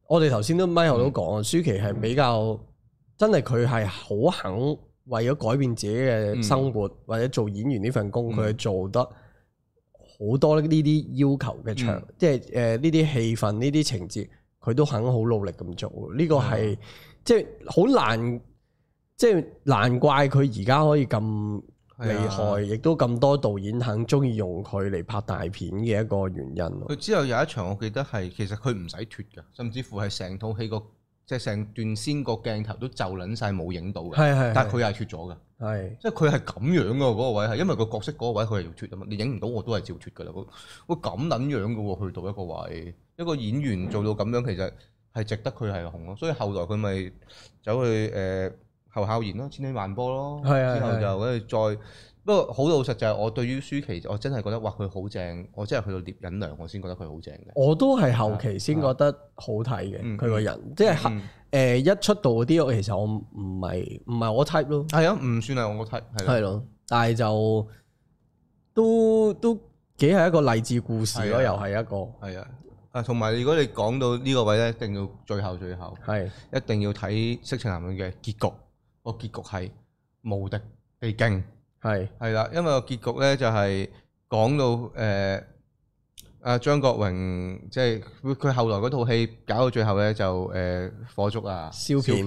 我哋頭先都咪我都講、嗯、舒淇係比較真係佢係好肯為咗改變自己嘅生活，嗯、或者做演員呢份工，佢係做得。好多呢啲要求嘅場，嗯、即係誒呢啲戲份、呢啲情節，佢都肯好努力咁做。呢、呢個係、嗯、即係好難，即係難怪佢而家可以咁厲害，亦、哎、呀 都咁多導演肯中意用佢嚟拍大片嘅一個原因。佢之後有一場，我記得係其實佢唔使脱㗎，甚至乎係成套戲個。即係成段先個鏡頭都就撚晒冇影到嘅，是是是，但係佢係脱咗嘅，是是即係佢係咁樣嘅嗰、那個位，係因為個角色嗰個位佢係要脱啊嘛，你影唔到我都係照脱嘅啦。佢咁撚樣嘅喎，去到一個位，一個演員做到咁樣，其實係值得佢係紅咯。所以後來佢咪走去誒侯孝賢咯，千禧曼波咯，是是是之後就跟住再。不過好老實就係我對於舒淇，我真係覺得哇佢好正，我真係去到《聶隱娘》我先覺得佢好正嘅。我都係後期先覺得好睇嘅佢個人，即係呃一出道嗰啲，其實我唔係唔係我 type 咯。係啊，唔算係我個 type。係咯，但係就都都幾係一個勵志故事咯，又係一個。係啊，啊同埋如果你講到呢個位咧，一定要最後最後係一定要睇《色情男女》嘅結局，個結局係無敵地勁。係係啦，因為個結局咧就係、是、講到誒、呃、啊張國榮，即係佢佢後來嗰套戲搞到最後咧就誒、呃、火燭啊，燒片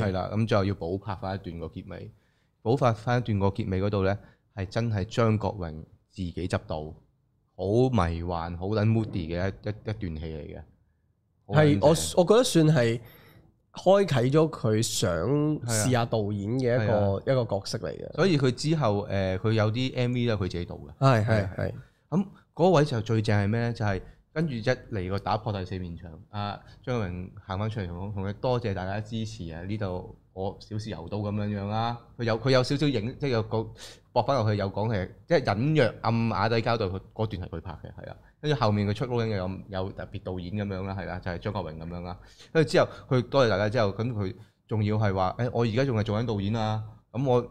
係啦，咁片的最後要補拍翻一段個結尾，補拍翻一段個結尾嗰度咧係真係張國榮自己執到，好迷幻好撚 moody 嘅一一一段戲嚟嘅，係我我覺得算係。開啟咗佢想試下導演嘅一個的一個角色嚟嘅，所以佢之後誒、佢、呃、有啲 MV 都係，佢自己導嘅，係係係。咁嗰位就最正係咩咧？就係跟住一嚟個打破第四面牆。阿張國榮行翻出嚟同我同佢多謝大家支持啊！呢度我小事由刀咁樣樣啦。佢的有佢有少少影，即係個駁翻落去有講嘅，即係隱約暗啞底交代佢嗰、那個、段係佢拍嘅，係啊。跟住後面嘅出 rolling 又有有特別導演咁樣啦，係啦，就係、是、張國榮咁樣啦。跟住之後佢多謝大家之後，咁佢仲要係話，誒、欸，我而家仲係做緊導演啊。咁、嗯、我咁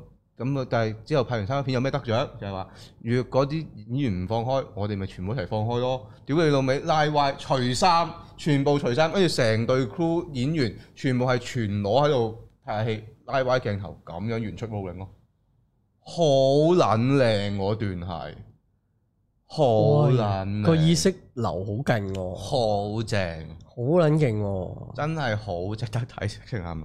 啊、嗯，但係之後拍完三級片有咩得著？就係、是、話，如果啲演員唔放開，我哋咪全部一齊放開咯。屌你老味，拉歪除衫，全部除衫，跟住成隊 crew 演員全部係全裸喺度拍戲，拉歪鏡頭咁樣完出 rolling 咯。好撚靚嗰段係。好難，個意識流好勁喎，好正，好撚勁真係好值得睇《色情男女》，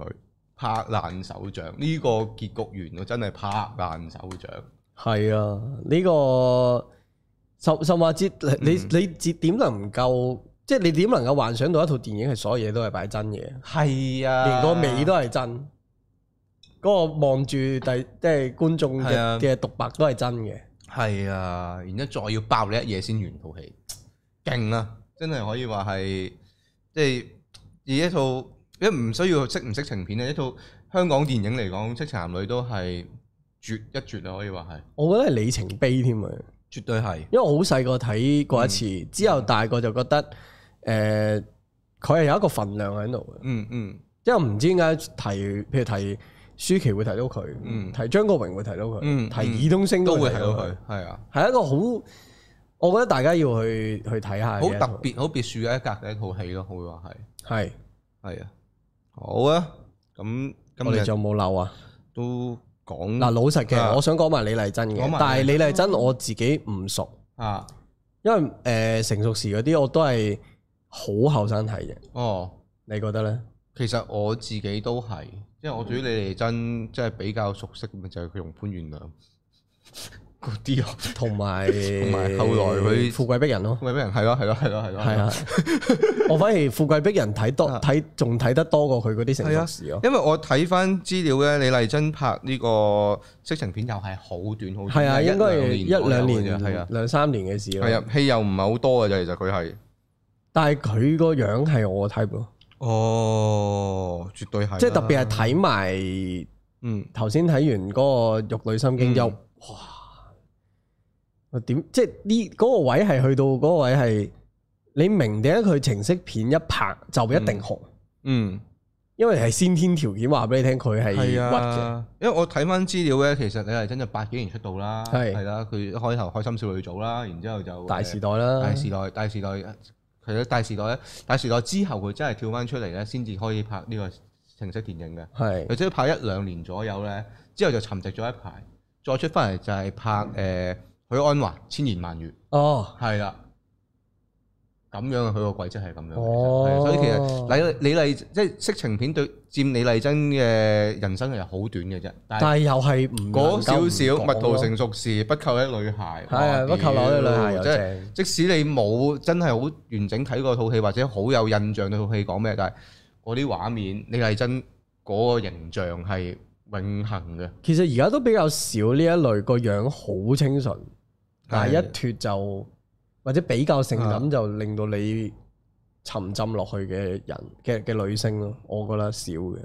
拍爛手掌呢、這個結局完咗，真係拍爛手掌。係啊，呢、這個甚至話節，你你節點能唔夠？即、就、係、是、你點能夠幻想到一套電影係所有嘢都係擺真嘢？係啊，連個尾都係真。嗰、那個望住第即係觀眾嘅嘅獨白都係真嘅。係啊，然之後再要爆你一夜先完套戲，勁啊！真係可以話係，即係而一套，因為唔需要識唔識情片咧，一套香港電影嚟講，色情男女都係絕一絕啊！可以話係。我覺得係里程碑添啊，絕對係。因為我好細個睇過一次，嗯、之後大個就覺得，誒、呃，佢係有一個份量喺度，嗯嗯，嗯，因為唔知點解提，譬如提。舒淇會提到佢，提張國榮會提到佢，提爾冬陞都會提到佢，係啊，係一個好，我覺得大家要去去睇下，好特別好別墅嘅一格嘅一套戲咯，會話係，係係啊，好啊，咁我哋仲有冇漏啊，都講嗱老實嘅，我想講埋李麗珍嘅，但係李麗珍我自己唔熟啊，因為誒成熟時嗰啲我都係好後生睇嘅，哦，你覺得咧？其實我自己都係。因為我對於李麗珍即係比較熟悉，咁就係、是、佢用潘源良嗰啲同埋同埋後來佢《 <laughs> 富貴逼人、啊、人》咯，《富貴逼人》係咯係咯係咯係咯，係啊！我反而《富貴逼人》睇多睇仲睇得多過佢嗰啲成。係、啊、因為我睇翻資料咧，李麗珍拍呢個色情片又係好短，好短係啊，應該係一兩年啫，係啊，兩了三年嘅事。係啊，戲又唔係好多嘅，其實佢係，但係佢個樣係我睇過。哦，絕對係！即係特別係睇埋，嗯，頭先睇完嗰個《玉女心經》之後、嗯，哇！我點即係呢嗰個位係去到嗰位係，你明點？佢情色片一拍就一定紅，嗯，嗯，因為係先天條件話俾你聽，佢係屈嘅。啊、麼因為我睇翻資料咧，其實你係真係八幾年出道啦，係係啦，佢一開頭開心少女組啦，然之後就、嗯、大時代啦，大時代，大時代，大時代。係啦，其實大時代咧，大時代之後佢真係跳翻出嚟咧，先至可以拍呢個情色電影嘅。係是，佢即係拍一兩年左右咧，之後就沉寂咗一排，再出翻嚟就係拍誒、呃、許鞍華《千言萬語》。哦，係啦。咁樣佢個軌跡係咁樣。哦，所以其實李李麗即係色情片對佔李麗珍嘅人生係好短嘅啫。但係又係唔少少蜜桃成熟時、不扣鈕女孩，哦、對不扣鈕嘅女孩。即、就是、即使你冇真係好完整睇過套戲，或者好有印象套戲講咩，但係嗰啲畫面李麗珍嗰個形象係永恆嘅。其實而家都比較少呢一類個樣好清純，但係一脫就。或者比較性感就令到你沉浸落去嘅人嘅嘅、嗯、女星咯，我覺得少嘅。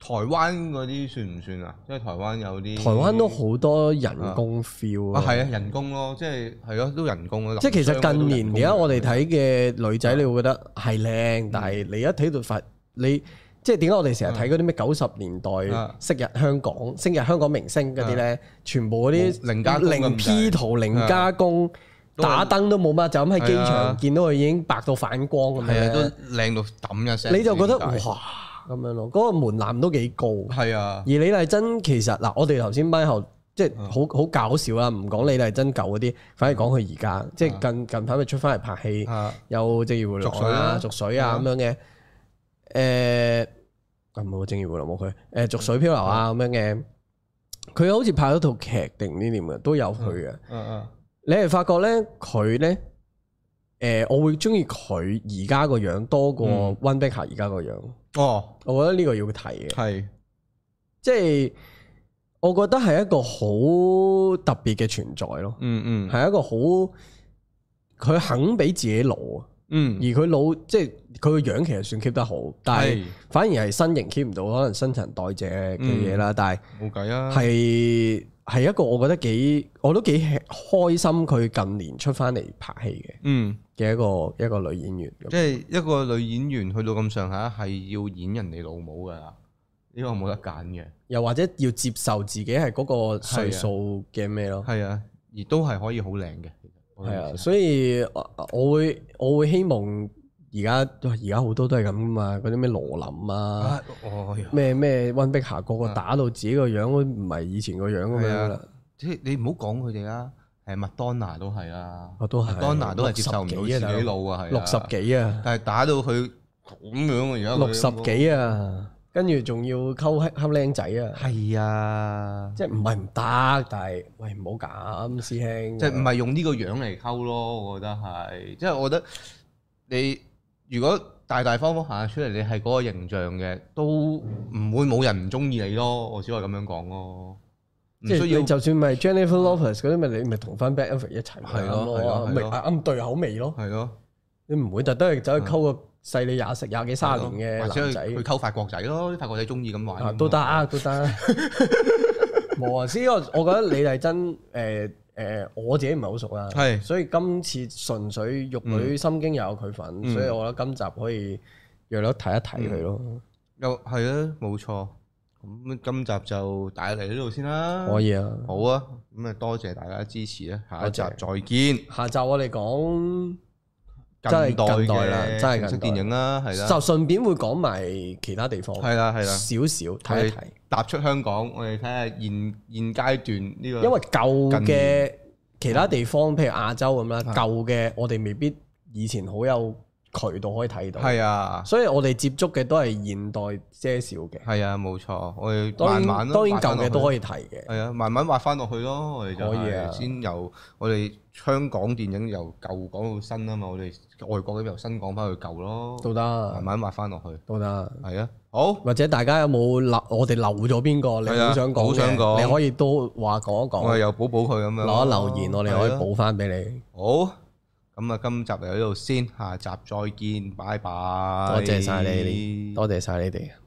台灣嗰啲算唔算啊？因為台灣有啲台灣都好多人工 feel、嗯、啊，係啊，人工咯，即係係咯，都人工咯。即係其實近年而家我哋睇嘅女仔，你會覺得係靚，嗯、但係你一睇到發你即係點解我哋成日睇嗰啲咩九十年代、嗯、昔日香港昔日香港明星嗰啲咧，嗯、全部嗰啲零加零 P 圖零加工。嗯打燈都冇乜，就咁喺機場見到佢已經白到反光咁樣，都靚到抌一聲。你就覺得哇咁樣咯，嗰個門檻都幾高。係啊的，而李麗珍其實嗱，我哋頭先背後即係好好搞笑啊！唔講李麗珍舊嗰啲，反而講佢而家，即係近近排咪出翻嚟拍戲，有《正義迴廊》啊，《濁水，水啊、欸》啊咁樣嘅。誒，唔好《正義迴廊》冇佢，誒，《濁水漂流啊》啊咁樣嘅。佢好似拍咗套劇定呢啲嘅，都有佢嘅。的你係發覺咧，佢咧，誒、呃，我會中意佢而家個樣多過溫碧霞而家個樣。哦，我覺得呢個要提嘅，係是即係我覺得係一個好特別嘅存在咯。嗯嗯，係一個好，佢肯俾自己老啊。嗯，嗯，而佢老即係佢個樣其實算 keep 得好，但係反而係身形 keep 唔到，可能新陳代謝嘅嘢啦。嗯嗯、但係冇計啊，係。係一個我覺得幾，我都幾開心佢近年出翻嚟拍戲嘅，嗯嘅一個、嗯、一個女演員。即係一個女演員去到咁上下，係要演人哋老母㗎，呢、這個冇得揀嘅。又或者要接受自己係嗰個歲數嘅咩咯？係啊，亦、啊、都係可以好靚嘅。係啊，所以我會我會希望。而家而家好多都係咁啊嘛，嗰啲咩羅琳啊，咩咩温碧霞，個，個個打到自己個樣都唔係以前個樣咁，啊、樣啦。即係、啊、你唔好講佢哋啦，誒麥當娜都係啊，麥是當娜都係接受唔到自己老啊，係啊，六十幾啊，啊但係打到佢咁樣啊，而家、啊、六十幾啊，跟住仲要溝黑黑靚仔啊，係啊，即係唔係唔得，但係喂唔好咁師兄、啊，即係唔係用呢個樣嚟溝咯，我覺得係，即、就、係、是我，就是、我覺得你。 <music> 如果大大方方行出嚟，你係嗰個形象嘅，都唔會冇人唔中意你咯。我只可以咁樣講咯，所以要。就算唔係 Jennifer Lopez 嗰啲，咪你咪同返 Ben Affleck 一齊玩咯，咪啱對口味咯。係咯，你唔會，但都係走去溝個細你廿成廿幾三十年嘅仔，去溝法國仔咯，啲法國仔中意咁玩。都得，都得。冇話先，我我覺得李麗珍。誒。誒、呃、我自己唔係好熟啦，是所以今次純粹玉女心經又有佢份，嗯、所以我覺得今集可以約你睇一睇佢咯。嗯、又係啊，冇錯。咁今集就大家嚟呢度先啦。可以啊。好啊。咁啊，多謝大家支持啊！下一集再見。下集我哋講。真係近代，真係嘅特色電影啦，係啦代，就順便會講埋其他地方，係啦係啦，少少許睇的一睇，踏出香港，我哋睇下現現階段呢個，因為舊嘅其他地方，哦、譬如亞洲咁啦，舊嘅我哋未必以前好有。渠道可以睇到，係啊，所以我哋接觸嘅都係現代些少嘅，係啊，冇錯，我哋慢慢當然舊嘅都可以睇嘅，係啊，慢慢挖翻落去咯，我哋就可以先由我哋香港電影由舊講到新啊嘛，我哋外國嘅由新講翻去舊咯，都得，慢慢挖翻落去，都得，係啊，好，或者大家有冇留我哋留咗邊個你好想講嘅，你可以都話講一講，我係又補補佢咁樣，攞留言我哋可以補翻俾你，好。咁啊，今集就到呢度先，下集再見，拜拜。多謝晒你哋！多謝晒你哋。